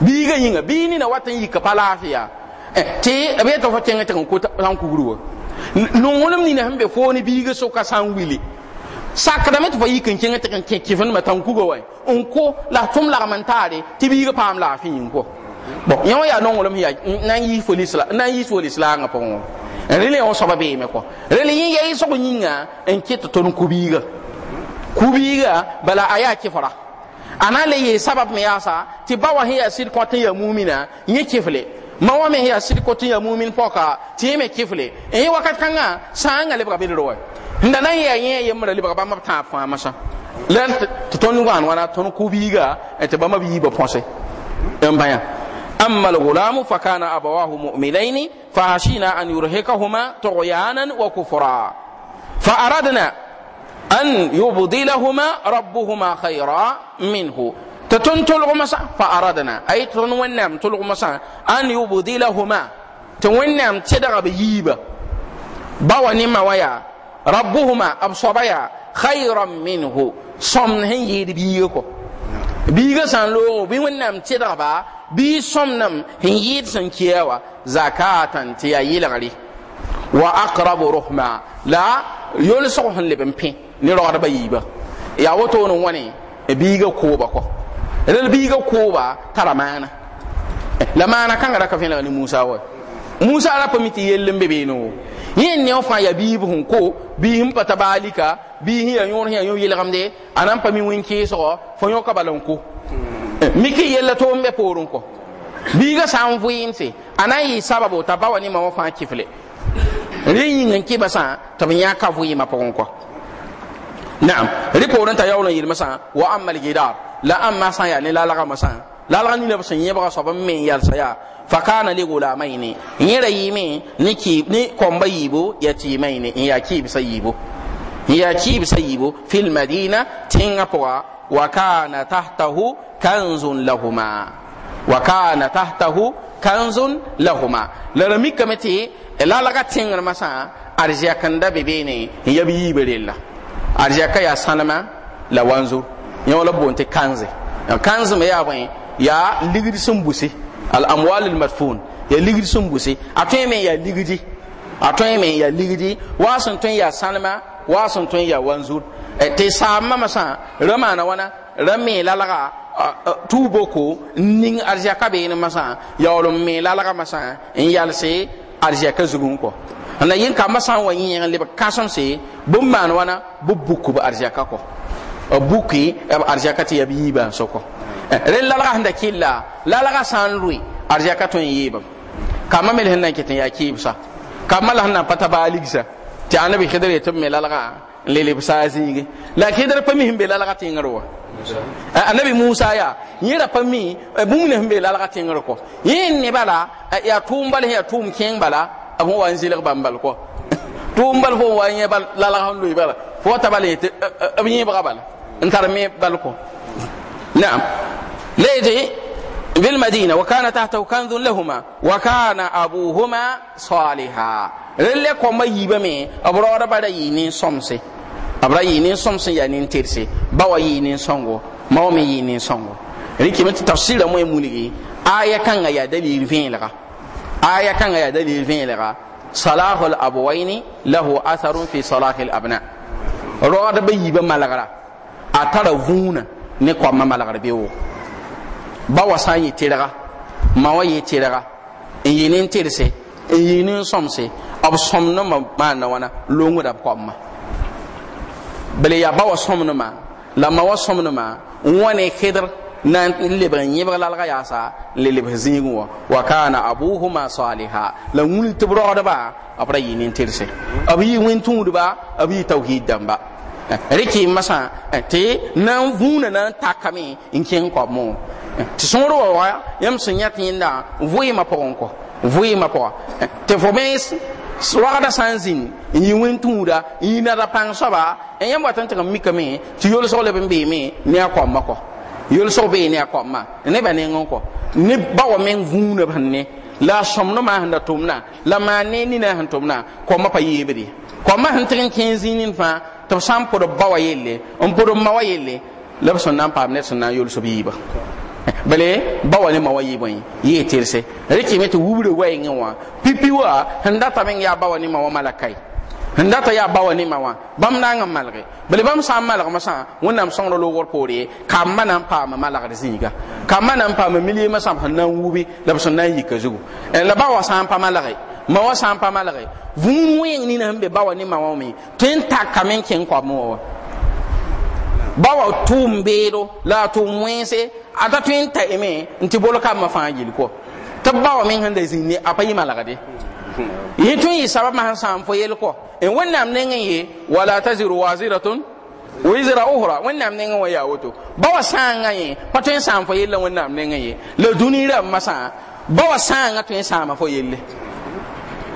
biigã yĩnga bii nina wat n yika pa laafɩya tɩ b yetɩ fo kẽng tɩg n ko sãn kugr wa nonglem nina sẽn be foone biigã soka sãn wili sakdame tɩ fo yik n kẽng tɩg n kẽ kɩfenemã tãn kuga wa n ko la tʋm lagm n taare tɩ biigã paam laafɩ yĩng kɔ bon yẽ wã yaa nonglem sẽn yaa nan yiis fo lislaangã pʋgẽ wã rele yõ soaba beeme kɔ rele yẽ yɛɩ sog yĩnga n kɩt tõnd kubiiga kubiiga bala a yaa kɩfra ana le ye sabab me yasa ti bawa hiya sir kotin ya mu'mina nye kifle ma wa mi hiya sir kotin ya mu'min poka ti me kifle e wakat kanga sanga le ba bidro nda nan ya yi ya mura le ba ma ta fa masa lan to ton wan wana ton kubiga e te ba ma bi ba ponse en baya amma al gulamu fa kana abawahu mu'minaini fa hashina an yurhikahuma tughyanan wa kufra fa aradna أن يبدلهما ربهما خيرا منه تتون تلغ مسا فأردنا أي تون ونعم تلغ مسا أن يبدلهما تون نعم تدغ بييب باوا نما ويا ربهما أبصبايا خيرا منه صمنه يد بييكو بيغا سان لو بي ونعم تدغ با بي صمنم هن يد سان كيوا زكاة تيا يلغلي وأقرب رحمة لا يلسخن لبن بيه ne rɔgdba yiiba ya wotoon n wani e biiga kooba kɔ rel biiga kooba tara maana la maana kãngã raka vẽlga ne musa wa musa ra pa mi tɩ yell n be beene wo ne ne fãa yaa biib sẽn ko biis n pa tabaalika biis sẽn yaa yõor sẽn ya yõ yɩlgemde a na n pa mi wẽn-kɩɩsgɔ fo yõka bala n ko eh, mike yella toom bɛ poor n kɔ biiga sã n vɩɩmse a na n yi sababu t'a ba wa ne ma wã fãa kɩfle rẽ yĩng n ta sã tɩ b ma vɩɩmã pʋgẽ kɔ نعم ريبور انت يولا يل مسا واما الجدار لا اما سان يعني لا لا مسا لا لا ني لبس ني يبغى صب من يال سيا فكان لي غلامين ني ري نكي ني كومبا يبو يتيمين يا كيب سيبو يا كيب سيبو في المدينه تينغابوا وكان تحته كنز لهما وكان تحته كنز لهما لرميكمتي لا لا تينغ مسا ارجيا كندا بيبيني يبي يبريلا arzaka ya sanama la wanzu yõ la boon tɩ kãnze kãnzme yaa bõe yaa ligd sẽn buse al amwal al ya ligd sẽn buse a tõe me n yaa ligdi a tõe me n yaa ligdi waa sẽn tõe n yaa sãnema wa sẽn tõe n yaa wanzur tɩ saab mame sã ra maana wãna ra me lalga tɩ boko n ning arzaka beene masã yaool n me lalga masã n yalse kɔ la yin kamba sã n wa yẽng leb kãsemse bõn maan wãna bɩ buku b arzɛka kɔ buki b arzɛka tɩ yaa b yiibã n sɔkɔ rẽ lalga sẽn da la, lalga san n loe arzɛka tõe n yeebam kambã me l sẽn na n ket n yaa keebsa kambã la sẽn na n pa tabaaligsa tɩ a neb hɩdr yetɩ b me lalga n le leb saa zĩige la hɩdr pa mi sẽn be lalga tẽngr wa eh, annabi musa ya yira pa mi e bũmb ne sẽn be lalga tẽngr kɔ yẽ nebã la yaa tʋʋm bala sẽn e yaa tʋʋm bala abu wa yin zilir bambal ko tun bal ko wa yin bal lalahan lo ibala fo ta bal yi abu yin baka bal in tara mai bal ko na'am leji bil madina wa kana ta taukan zun lahuma wa kana abuhuma saliha rille ko ma yi ba me abro bada yi ni somse abra ya ni tirse ba yi ni songo ma o mi yi ni songo rikimi tafsira mu e muni aya kan ga ya dalil fin laka aya kanga ya dalil vẽelga salahul abwaini lahu atharun fi salahil abna raoodbã yiibã malgra malagara atara vuna ne koamã malgr malagara biwo ba wa sã n yɩ tɩrga ma wa yɩ tɩrga n yɩ ne n tɩrse n yɩ ne n sõmse b sõmdmã maanda wãna longda bele yaa ba wa ma la ma wa ma n khidr na n lebg n yẽbg lalga yaasa n le lebs zĩigẽ wã wa kana abuhuma saliha la ngul tɩ b rɔgdba b ra yi nin-tɩrse b yɩ wẽn-tũudba b yɩ tawhid dãmba rɩkɩ masã nan na n vũuna na n takame n kẽng koabmẽ tɩ sõor wa wa yãmb sẽn yã tɩ yẽnda vɩɩmã pʋgẽ kɔ vɩɩmã pʋga tɩ fo me wagda sã n zĩn n yɩ wẽn-tũuda n yɩ nada pãng soaba n yãmb wa tɩ n tɩg n mikame tɩ yolsg leb n beeme ne a koambã kɔ yʋlsg bee ne a kɔmma ba ne n ko ne ba wa meng vũunã b ne la a sõmd ma sẽn da tʋmdã la ma ne ni sẽn tʋmdã kɔmma ko yeebre kɔmma sẽn tɩg n kẽ zĩig nin fãa tɩ b sã n pʋd b ba wa yelle n pʋd b ma wa yelle la b sẽn na n paam ned sẽn na n yʋlsb yiiba bale ba wa ne ma wa yi bõe yee tɩrse rɩkɩme tɩ wubre wɛɛngẽ wa pipi wã sẽn datame n yaa ba wa ne ma wa malakae n data yaa ba wa nema wã bãmb na n malge bele bãmb sã n malgmã sã wẽnnaam sõngr loogr poore kambã na n paama malgd zĩiga kambã na n paama miliemã sãm sẽn na n wubi la b sẽn na n yika zugu eh, la ba wa sã pa malge ma wa sã n pa malge vũud wẽng nina sẽn be ba ni mawa wã me tõe n takame n kẽng koabẽ wã wa ba wa tʋʋm beelo la a tʋʋm wẽnse a ta tõe n taeme n tɩ bol-kambã fãa yilko tɩ ba wa da zĩig ne a pa yɩ malgde yi tun yi sabab ma san fo yel ko en wannan ne ngi ye wala taziru waziratun wizra uhra wannan ne ngi waya wato ba wa san ngi patun san fo yel wannan ne ngi ye le dunira masa ba wa san ngi tun san ma fo yel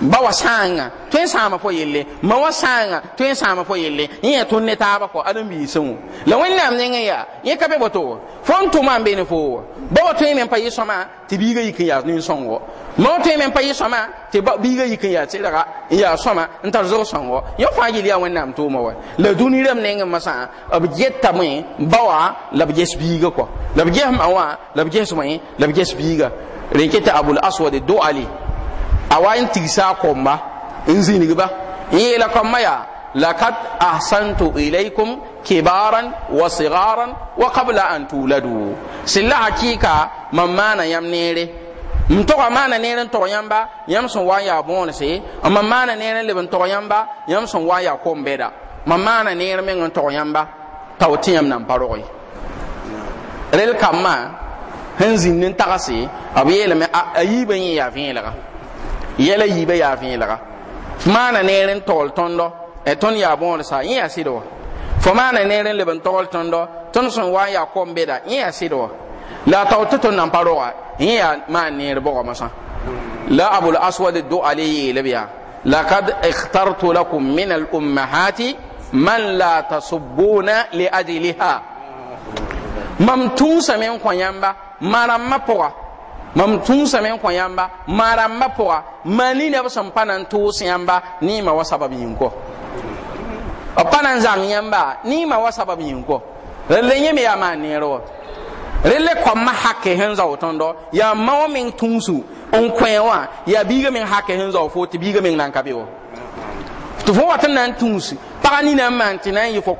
ba wa sanga to en sama fo yelle ma wa sanga to en sama fo yelle ni ya tunne ta ba ko adam bi sun la wannan ne ya ye ka be boto fon to man be ne fo ba wa to en pa yi ma ti bi ga yikin ya ni songo ma to en pa yeso ma ti ba bi ga yikin ya ti daga ya so ma en tar zo songo yo fa yi ya wannan to ma wa la duniram ne ngam masa ab jetta mu ba wa la bi jes bi ga ko la bi jes ma wa la bi jes mu la bi jes bi ga reketa abul aswad do ali a wa n tigsa a kɔmba n zĩnigba n yeela kɔmba yaa ahsantu ilaykum kibaran wa sigaran wa qabla an tuladu silla hakika man maana yam neere n tɔgɔ nere to yamba yamson wa ya yaa bõonese n man maana neere n leb n wa ya yaa kom-bɛda man maana neer meng n tɔg yãmba nan pa rog ye rel kambã sẽn zĩnd n tagse b yeelame yi ya yẽ yɛla yiibã yaa vẽelga fo maana neer n togl tõndo tõnd yaa bõodsa yẽ yaa sɩd wa fo maana neer n leb n togl tõndo tõnd sẽn wa n yaa kom beda yẽ yaa sɩd wa la a tao tɩ tõnd na n pa roga yẽ yaa maan neer bʋgmsã la abul aswad do ale yeelb yaa لقد اخترت لكم من الأمهات من لا تصبون لأجلها ممتوسة من قيامة مرمى بوغا mam tũusame n kõ yãmba maa rãmbã pʋga maa ni neb sẽn pa na n tʋʋs yãmba niima wa sabab yĩn kɔ b pa na n zãng yãmba niima wa sabab yĩn kɔ rẽlle yẽ me yaa maan neer wa rẽlle kõmmã hake sẽn zao tõndo yaa ma wã meng tũusu n kõe y'a yaa biigã meng hake sẽn zao fo tɩ biigã meng na n ka be wa tɩ fo wat n na n tũus pagã nina n maan tɩ na n yɩ fo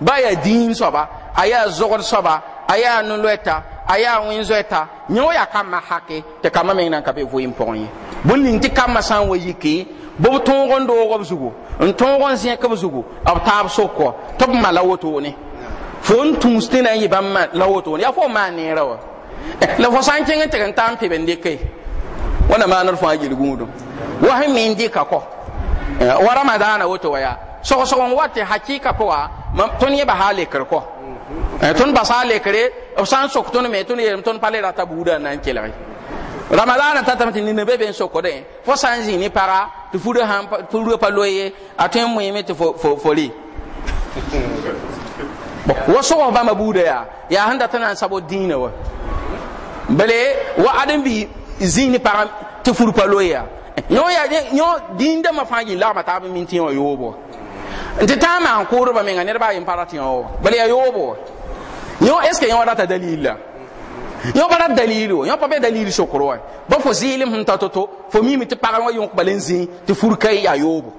ba y'a din soaba a yaa zogd soaba a yaa nu-loɛɛta a yaa wẽn-zoɛ ta yẽ wa yaa kambã hake tɩ kambã meng nan ka be voɩɩm pʋgẽ ye bõn ning tɩ kambã sã n wa yike b b tõog n doog b zugu n tõog n zẽk b zugu b taab sokɔ tɩ b ma la wotone fo n tũus tɩ na n yɩ bãmb ma la wotone yaa fo n maan neera wa eh, la fo sã n kẽng tɩg n ta n pɩb n dɩke wẽna maanr fãa yel gũudum eh, wa sẽn me n dɩka kɔ wa ramadaana woto wa yaa sog-sog n wa tɩ hakɩɩka pʋga tõnd yẽ ba sã a lekr kɔ Eh, tõnd basã lekre b sã sok tõnd me tõnd yeelm tõnd pa rata buudã na n kelge ta ta tɩ nina be be n fo sã n zĩ ne paga tɩ furã furã pa loe ye a tõe ta wẽeme tɩ fo le wa sogs bãmba buudã yaa yaa sẽn dat n na sabo dĩinã wa bale wa adem bɩ zĩ ne pagã tɩ pa loe yaa yõ yaa yõ dĩin dãmbã fãa yĩn lagma ta min tẽ wã yoob nti ta maan kuurba meŋa niraba ayi n pa ratɩ yõ wa bala ya yoobo wa yõ est ce que yõ rata dalil la yõ pa rat dalil wa yõ pa be dalil sokro wa ba fo zɩɩlem sẽn ta to-to fo miime tɩ pagã wã yõk bala n zĩ tɩ furka yaa yoobo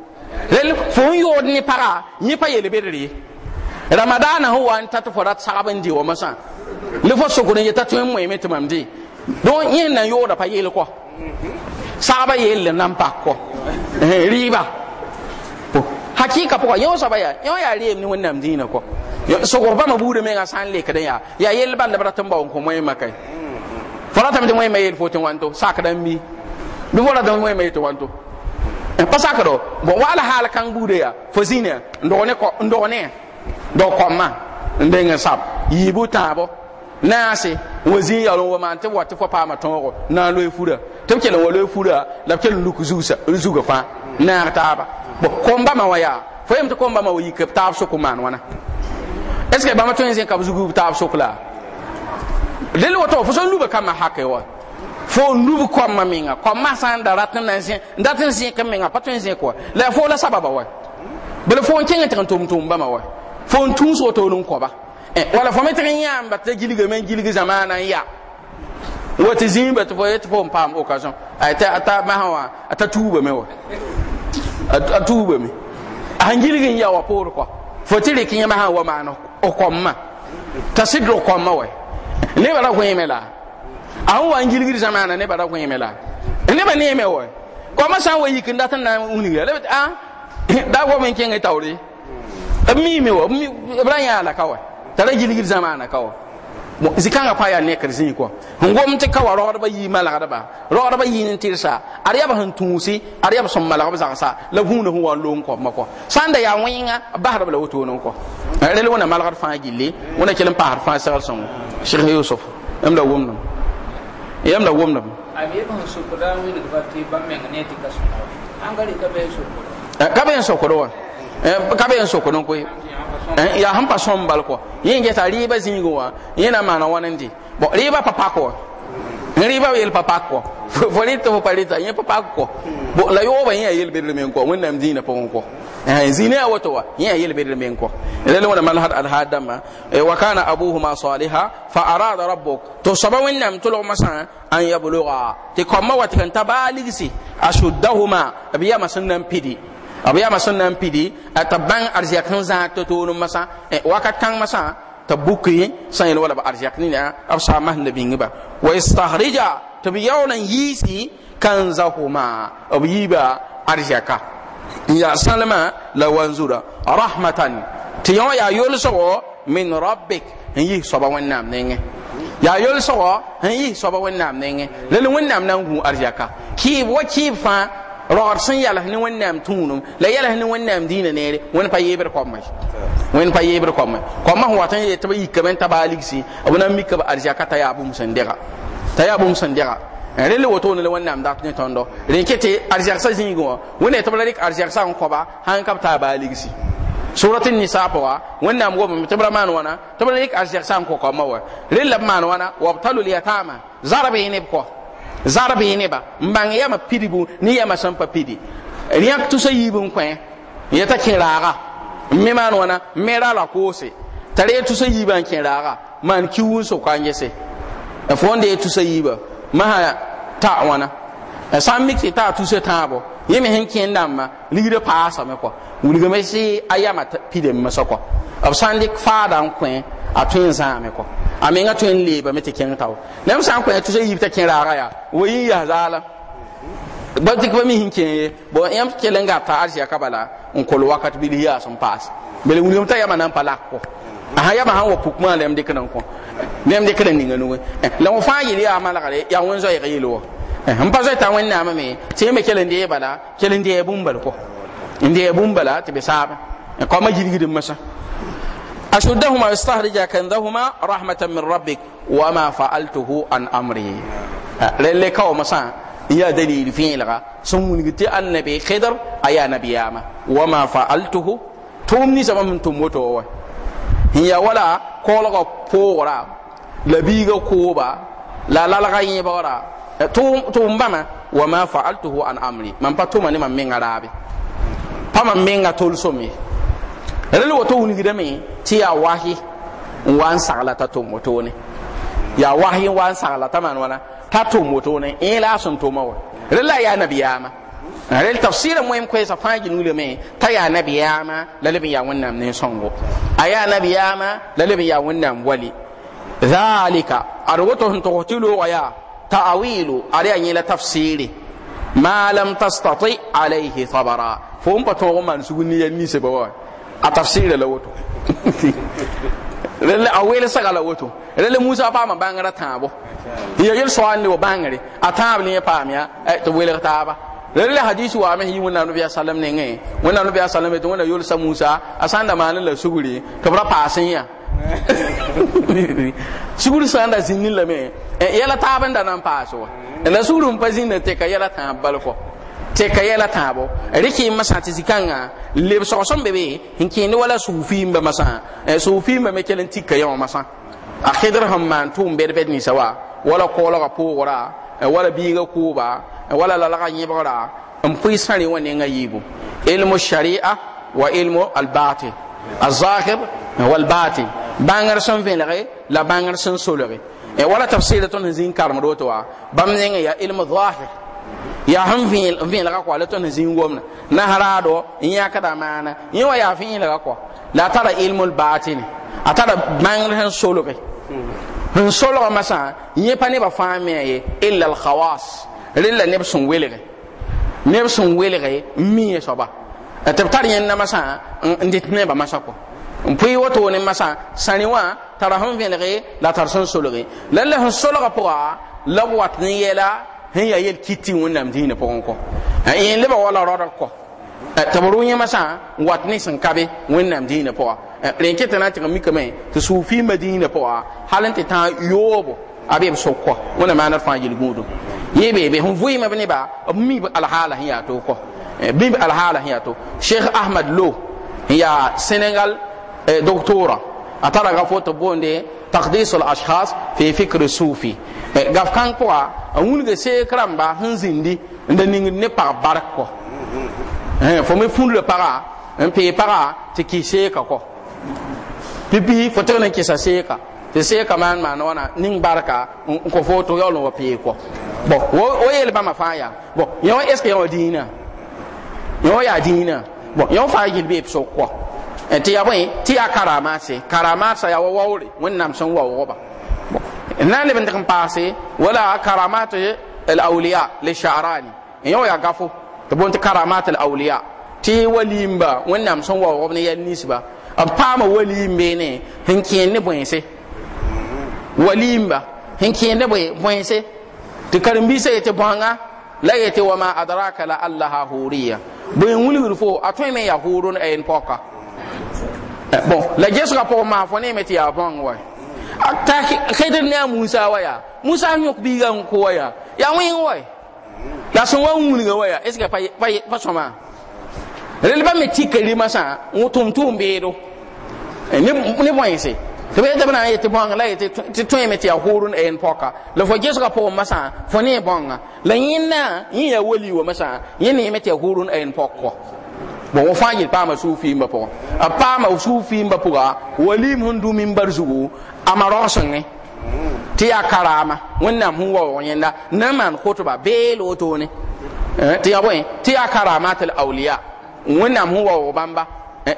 rel fo n yood ne paga yẽ pa yel bedr ye ramadaana sẽn wa n ta tɩ fo rat sagb n dɩ wa masã le fo sokr n yeta tõe n moeeme tɩ mam dɩ don yẽ n na n yooda pa yel kɔ sagba yell n na n pak kɔ eh, rɩɩba hakika pʋgã yõ soaba yaa yõ yaa reem ne wẽnnaam dĩinã kɔ sogr bãmb buudã mengã sã n lekd n yaa yaa yell bãn lebra tɩ n baoon kõ moẽmã kae fo ratame tɩ moẽmã yeel fo tɩ wãnto sakda n mi bɩ fo ratame moẽmã yeel tɩ wãnto e, pa sakdo bõn wala haal kãng buudã yaa fo zĩnã n dog ne dog kɔmã n deng n sab yiibu tãabo naase wa zĩig yaool n wa maan tɩ b wa tɩ fo paama tõogo na n loe fura tɩ b kell n wa loe fura la b kell n luk zugã fãa naag taaba bo komba ma waya yaa fo yem tɩ komba ma wa yik b taab sʋk n maan est ce que ba ma n zẽn ka b zugu taab sʋk la rel woto fo sẽn nuba kama hake wa fo n lub kɔmma menga kɔmmã sã n da rat n na zẽ n dat n zẽk menga pa tõe n zẽk wa la fo la sababa wa bala fo n kẽng tɩg n tʋm tʋʋm bãmba wa fo n tũus wotool n kɔba eh, wala fo me tɩg n yãamba t'a gilga me n gilg zamaana wa ti ba tɩ fo yetɩ fo n paam occasion ta masã wã a ta tuubame wa a tuubame sãn gilg n ya wa poor kɔ fo tɩ rɩk yẽ masã wa maan kɔmma t'a si d kɔmma bara nebã ra wẽeme la a sẽn wa n gilgd sã maana nebã ra wẽeme la nebã neeme wɛ kɔmã sã n wa yik n dat na n wingra la bɩ a daa gom n kẽng wa la zikãngã pa yaa nekr zĩig kɔ n gom tɩ ka wa raoodbã yii malgdba raoodbã yii tɩrsa ad yaa b sẽn tũusi ad yaa b sõm malgb zagsa la vũunã sẽn wa n loog n kɔbmã kɔ sã n da yaa wẽngã basdb la wotone kɔ rel wẽna malgd fãa gilli wẽna kell n paasd fãa segl sõngo sheikh yusuf la wʋmdem yãmb la wʋmdem ka be n wa Eh, ka be so kono koy eh, ya han pa som bal ko yin ge ta riba zingo wa yana mana wanandi bo riba papa ko riba yel papa ko volita fo parita yin papa ko bo la yo ba yin yel bedre men kɔ, wannan dina pa ko eh zina ya wato wa yin yel bedre men kɔ. lalle wannan malhad al hadama eh, wa kana abuhuma saliha fa arada rabbuk to saba wannan tulo masa an yabluga ti kamma wati kan tabaligsi ashuddahuma abiya masannan pidi b yaa masẽn na n pidi t'a bãng arzɛk sẽn zãag tɩ toolem masã wakat kãng masã t'a buki sã yel wala b arzɛk nina b saa mas la bĩngba wa istahrija tɩ b yaool n yiisi kanzahuma b yiiba arzɛka n yaa sãlmã la wanzura rahmatan tɩ yõ yaa yolsgo min rabbik n yis soaba wẽnnaam nengẽ yaa yolsgo n yis soaba wẽnnaam nengẽ lal wẽnnaam na n gũ arzɛka kɩɩb wa kɩɩb fãa sun sẽn yals wani wẽnnaam tũunum la yals ne wẽnnaam dĩinã neere wẽnd pa yeebr kɔma wẽnd pa yeebr kɔma kɔma sẽn wa tɩ n yee tɩ b yikame n ta baa ligsi b na n mika b arzaka t'a yaa bũmb sẽn dega t'a yaa bũmb sẽn dega eh, rẽ le wotone la wẽnnaam dat ne tõndo rẽ kete arzɛgsã zĩigẽ wã wẽnne tɩ b la rɩk arzɛgsã n kɔba han ka ta ba baa ligsi surati nisa pa wa wani gom tɩ b ra maan wana tɩ b la rɩk arzɛgsã n kɔ kɔma wa rẽ la b maan wãna wa talu lyatama zarb y ne b kɔ zarb yɩ ba n bãng yama pidbu ne yama san pa pidi rẽk tʋsa yiib n kõ yeta kẽ raaga n me maan wãna n me rala koose t'a ree tʋsa yiibã n kẽ raaga maan kiu n soka n gese fo n dee tʋsa yiiba masã ta wãna sã n mik tɩ taa tʋsa tãabo yẽ me sẽn kẽ dãmbã ligda paasame kɔ wilgame sɩ a yama pidem me sɔkɔ b sã n dɩk faada n kõ a tõe n zãame kɔ a menga tõe n me tɩ kẽng ka neb sã n kõ tɩ yib t'a kẽ raaga yaa wa yĩn yas zaalã ba tɩk ba mis n kẽ ye bõn yãmb kell n gat t'a arzɩa ka bala n kol wakat bil yaa sẽn paas bele wilgame t'a yama na n pa lak kɔ ãã yama sãn wa puk maa lem dɩkd n kõ lem dɩkd n ninga nuge eh, la wõ fãa yel yaa malgre yaa wẽn zoɛɛg yel wa n pa zoɛ t'a wẽnnaamã me tɩ yẽ me kell n dee bala kell n dee bũmb bal kɔ n dee bũmb bala tɩ be saaba eh, kɔma yilgdm masã أشدهما واستخرج كنذهما رحمة من ربك وما فعلته عن أمري للي كوم يا دليل في لغا سمونغتي النبي خدر أيا نبي ياما وما فعلته تومني سما من تموتو هي ولا كولغا فورا لبيغا كوبا لا لا لغا يبورا توم توم بما وما فعلته عن أمري من باتوما نمان من غرابي فما من غتول سمي rel woto wilgdame tɩ yaa wasy n wa n sagla t'a tʋm wotone yaa wasy n wa n sagla t'a maan wãna t'a tʋm wotone ẽ la a sẽn tʋma wa rel la yaa nabiyaama rel tafsira moem koɛɛsã fãa gin t'a yaa nabiyaama la leb n yaa wẽnnaam ne sõngo a yaa nabiyaama la leb n yaa wẽnnaam wali dhalika ad woto sẽn tʋgs tɩ loogã yaa ta'awilu ad yaa yẽ la tafsiri ma lam tastati alayhi sabara fo n pa tõog n maan ya wa a tafsira la woto a wele saga la woto rel musa pa ma bangara tabo ya yel so an le bangare a tabo ne pa miya to wele ba rel hadisi wa mahi mun nabi sallam ne ngai mun nabi sallam to wona yol sa musa asanda man la suguri kabra pa ya suguri sanda zinni la me e yela tabanda nan pa so e la suguri pa zinna te ka yela tan balko teka yɛla tãabo rɩkɩ masã tɩ zikãngã lebsg sẽn be be n kẽende wala suufiimba masã suufiimba me kell n tika yã wã masã a kɩdr sẽn maan tʋʋm bɛd-bɛd ninsã wa wala koolga pʋʋgra wala biiga kʋʋba wala lalga yẽbgra n pʋɩ sãre wã nengã yiibu ilmu sharia wa ilmu la albatil الظاهر والباطن بانغر سن فيلغي لا بانغر سن سولغي ولا تفصيلة زين wa روتوا بامنين يا ilmu zahir ya han fiil fiil ga kwa lato na zin gomna na harado in ya kada mana in wa ya fiil ga kwa la tara ilmul batin atara bang han solo be han solo ga masa ye pa ne ba fami ye illa al khawas rilla ne sun welege ne sun welege mi ye soba tar yen na masa ndit ne ba masa ko pʋɩ woto ne masã sãne wã tara sẽn vẽlge la tar sẽn solge la la sẽn solga pʋga la b ni ne yɛla sẽn yaa yel kiti wẽnnaam dĩinã pʋgẽ kɔ ẽ e, lebã wala raodr kɔ tɩ b rʋ yẽmã sã n wat ne sẽn wẽnnaam pʋga rẽn na n tɩg mikame tɩ sufiimã dĩinã pʋga hal n tɩ yoobo a be b kɔ wẽna d fãa yel gũudu beebe sẽn b mi b alhaala sẽn yaa tog kɔ eh, b alhaala sẽn yaa ahmad lo n yaa senegal eh, doctora atara ga foto bonde taqdisul ashkhas fi fikr sufi e, gaf kan ko a wulga se kramba hanzindi nda ning ne pa barko eh fo me fulu para un pe para te ki se ka ko pipi foto ne ki sa se ka te se ka man man wana ning barka ko foto yolo wa pe ko bon o yele ba ma fa ya bon yo est yo dina yo ya dina bon yo fa yel be so ko Eh, ti ya bõe karama se karama sa ya wa waoore wẽnnaam sẽn waoogba na ne lebn dɩg n paase wala karamat lauliya le shaarani n yã wa gafu, gafo tɩ bõn tɩ karamat lauliya tɩ waliimba wẽnnaam sẽn waoogb ne yɛl ninsba b paama waliim beene sẽn kẽend ne bõense waliimba sẽn kẽend ne bõense tɩ karen ti yetɩ bãnga la yetɩ wama adraka la allaha hooriya wuli wilgr fo a tõe me n yaa hoorun ayen pɔka Eh, bon la jesu ka pɔgɔ maa fɔ ne mɛ ti yaa bɔn wa ta xɛdiri ne a musa wa ya musa nyɔk bi ka ko wa ya ya wɛn wa la sɔn wa wuli wa ya est ce que pa pa pa sɔn ma releba mɛ ti kari ma sa ŋo tum tum bee do eh, ne ne bɔn yi se tɩ b na n yetɩ bõng la yetɩ tõeme tɩ yaa hoorun en poka la fo gesga ma sa fo ne bõnga la yẽnna yẽ yaa wali wa masã yẽ neeme tɩ yaa hoorun n en poko. bon fãa yel paama suufiimba pʋgẽ b paama suufiimba pʋga walim sẽn du mimbar zugu a marɔgsengẽ tɩ yaa karaama wẽnnaam sẽn waoog yẽnda na n maan kotba beele wotone tɩ ya bõe tɩ yaa karaama tɩ l auliya wẽnnaam sẽn waoog bãmba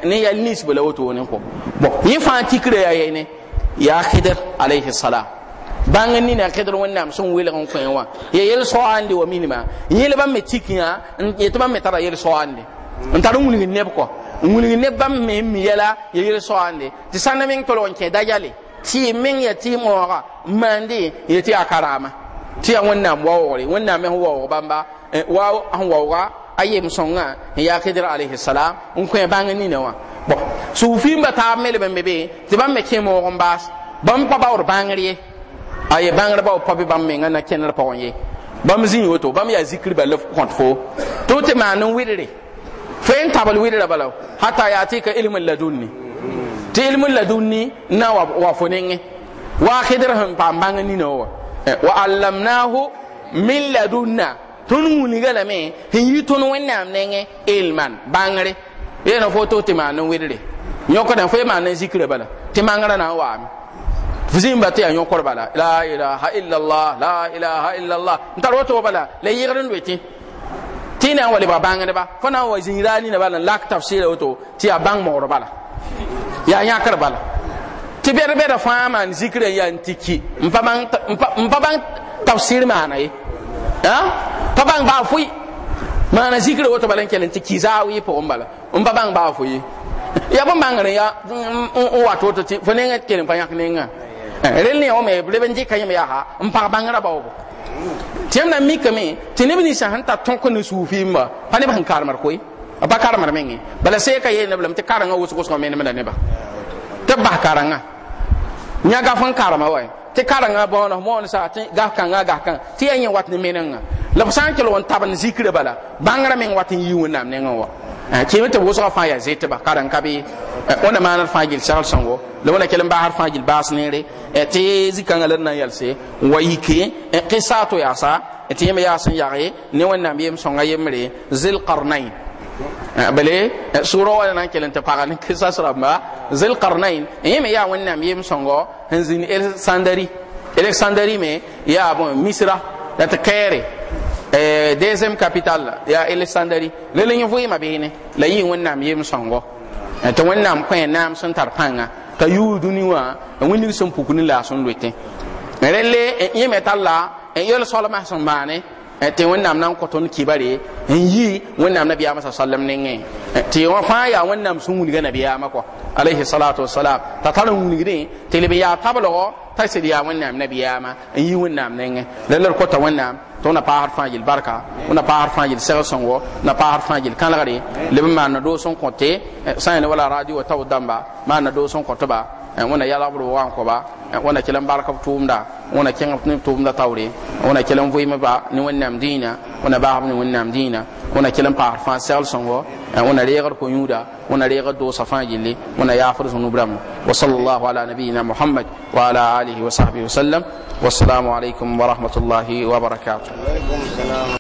ne nis nisba la wotone kɔ bon yẽ fãa tikra yaa yene yaa khidr alayhi salam bãng nina kẽdr wẽnnaam sẽn welg n kõ wã ya yel soaande wa minima yẽ le bãmb me tik yã n yetɩ bãmb me tara yel soaande n tar n wilgi neb kɔ n wilgi neb bãmb me mi yɛla ya yel soande tɩ sãnda meng tolg n kẽ da tɩ meng ya tɩ moogã n maande ye tɩ yaa karaama tɩ yaa wẽnnaam waoogre wẽnnaam me sẽn waoog bãmba e, wa sẽn waooga a yem sõnga n e yaa kɩdr alaihisalam n kõ bãng nina wã bon sufiimba taab melb n be be tɩ bãmb me kẽ moog n baas bãmb pa baoor bãngr ye a ye bãngr baoor pa be bãmb menga na kẽner pʋgẽ ye bãmb zĩ woto bãmb yaa zikr bala kõt fo tɩ b tɩ n wɩdre فإن تابل ويدا بلاو حتى يأتيك علم اللدني تي علم اللدني نا وفنين واخدرهم بامبانغ نينو وعلمناه من لدنا تنوني غلامي هي تنوين نام نينغ علما بانغري yen fo to tɩ maan n wɩdre na fo maan n zikrã bala tɩ mangrã na n waame zĩmba tɩ yaa yõkr bala la ilaha illallah la ilaha illallah n tar woto bala la yi n doe tɩ na n wa lebga bãngdba fo na n wa zĩig raa nina bala n lak tabsɩɩra woto tɩ yaa bãng moogr bala yaa yãkr bala tɩ bɛd-bɛda fãa maan zikrã yaa n tɩ ki n pa bãng tabsɩɩr maana ye pa bãng baa foe maana zikrã woto bala n kell n tɩ ki zaag yɩ pʋgẽ bala n pa bãng baa foe ye ya bõn bãngr ya n wat woto tɩ fo neng kell n pa yãk nengã eh, rel ne wame b leb n dɩka yẽm yaa n pag bãngrã baoogo tɩm na n mikame tɩ neb ninsã sẽn ta tõk ne suufɩɩmba pa neb sẽn karemr koe pa karemr menge bala seeka yeel neb lame tɩ karengã wʋsg-wʋsgã menemda neba tɩ b bas karengã yã gaf n karema wa tɩ karengã bõonos moonsa tɩ gaf kãngã gaf kãngã tɩ yaa yẽ wat ne menengã la b sã n kelg n tabn zikrã bala bãngrã meng wat n yi wẽnnaam nengẽ wa kɩɩme tɩ b wʋsgã fãa yaa zetba karen ka bɩ wẽnna maan d fãa gil segl sõngo la wẽna kell n baasd fãa gil baas neere eh, tɩ zikãngã la d na n yɛlse n wa yike eh, tɩ ya eh, to yaasa tɩ yẽm yaa sẽn yage ne wẽnnaam yem sõnga yembre zilkarnain bale sura wala nan kelen ta paga ni kisa saramba zil qarnain yim ya wannan yim songo hanzin alexandari alexandari me ya bon misra da ta kere eh deuxième capitale ya alexandari le le yim voyima bene la yim wannan yim songo ta wannan kõ na sun tar t'a yuud dũni wã wĩnnig sẽn puk ne la a sẽn loete rẽlle yẽ yi tar la yel-soalmã sẽn maane tɩ wẽnnaam na n kõ kibare n yi wẽnnaam nabiyaamã sa sallam ta yi wafa ya wannan sun wuli wilga nabiyaamã kɔ alaihi salatu salam t'a tarin wuli ne ta leb n pa sɩd yaa wẽnnaam nabiyaamã n yi wẽnnaam nengẽ la la d kota wẽnnaam tɩ wẽna paasd fãa yel barka wẽna paasd fãa yel segl-sõngo na paasd fãa yel kãlgre leb n maanna doog sẽn kõ tɩ sã yẽl wala radio wa tao dãmba maanna doog sẽn kõ ba wẽna yalgbd b wa n kõba wẽna kell n bark b tʋʋmda wẽna kẽng b ne tʋʋmda taoore wẽna kell n vɩɩmba ne wẽnnaam dĩinã wẽna baasb ne wẽnnaam dĩinã wẽna kell n paasd fãa segl-sõngo wẽna eh, reegd kõ-yũuda ونا دو صفان جلي ونا يافر وصلى الله على نبينا محمد وعلى آله وصحبه وسلم والسلام عليكم ورحمة الله وبركاته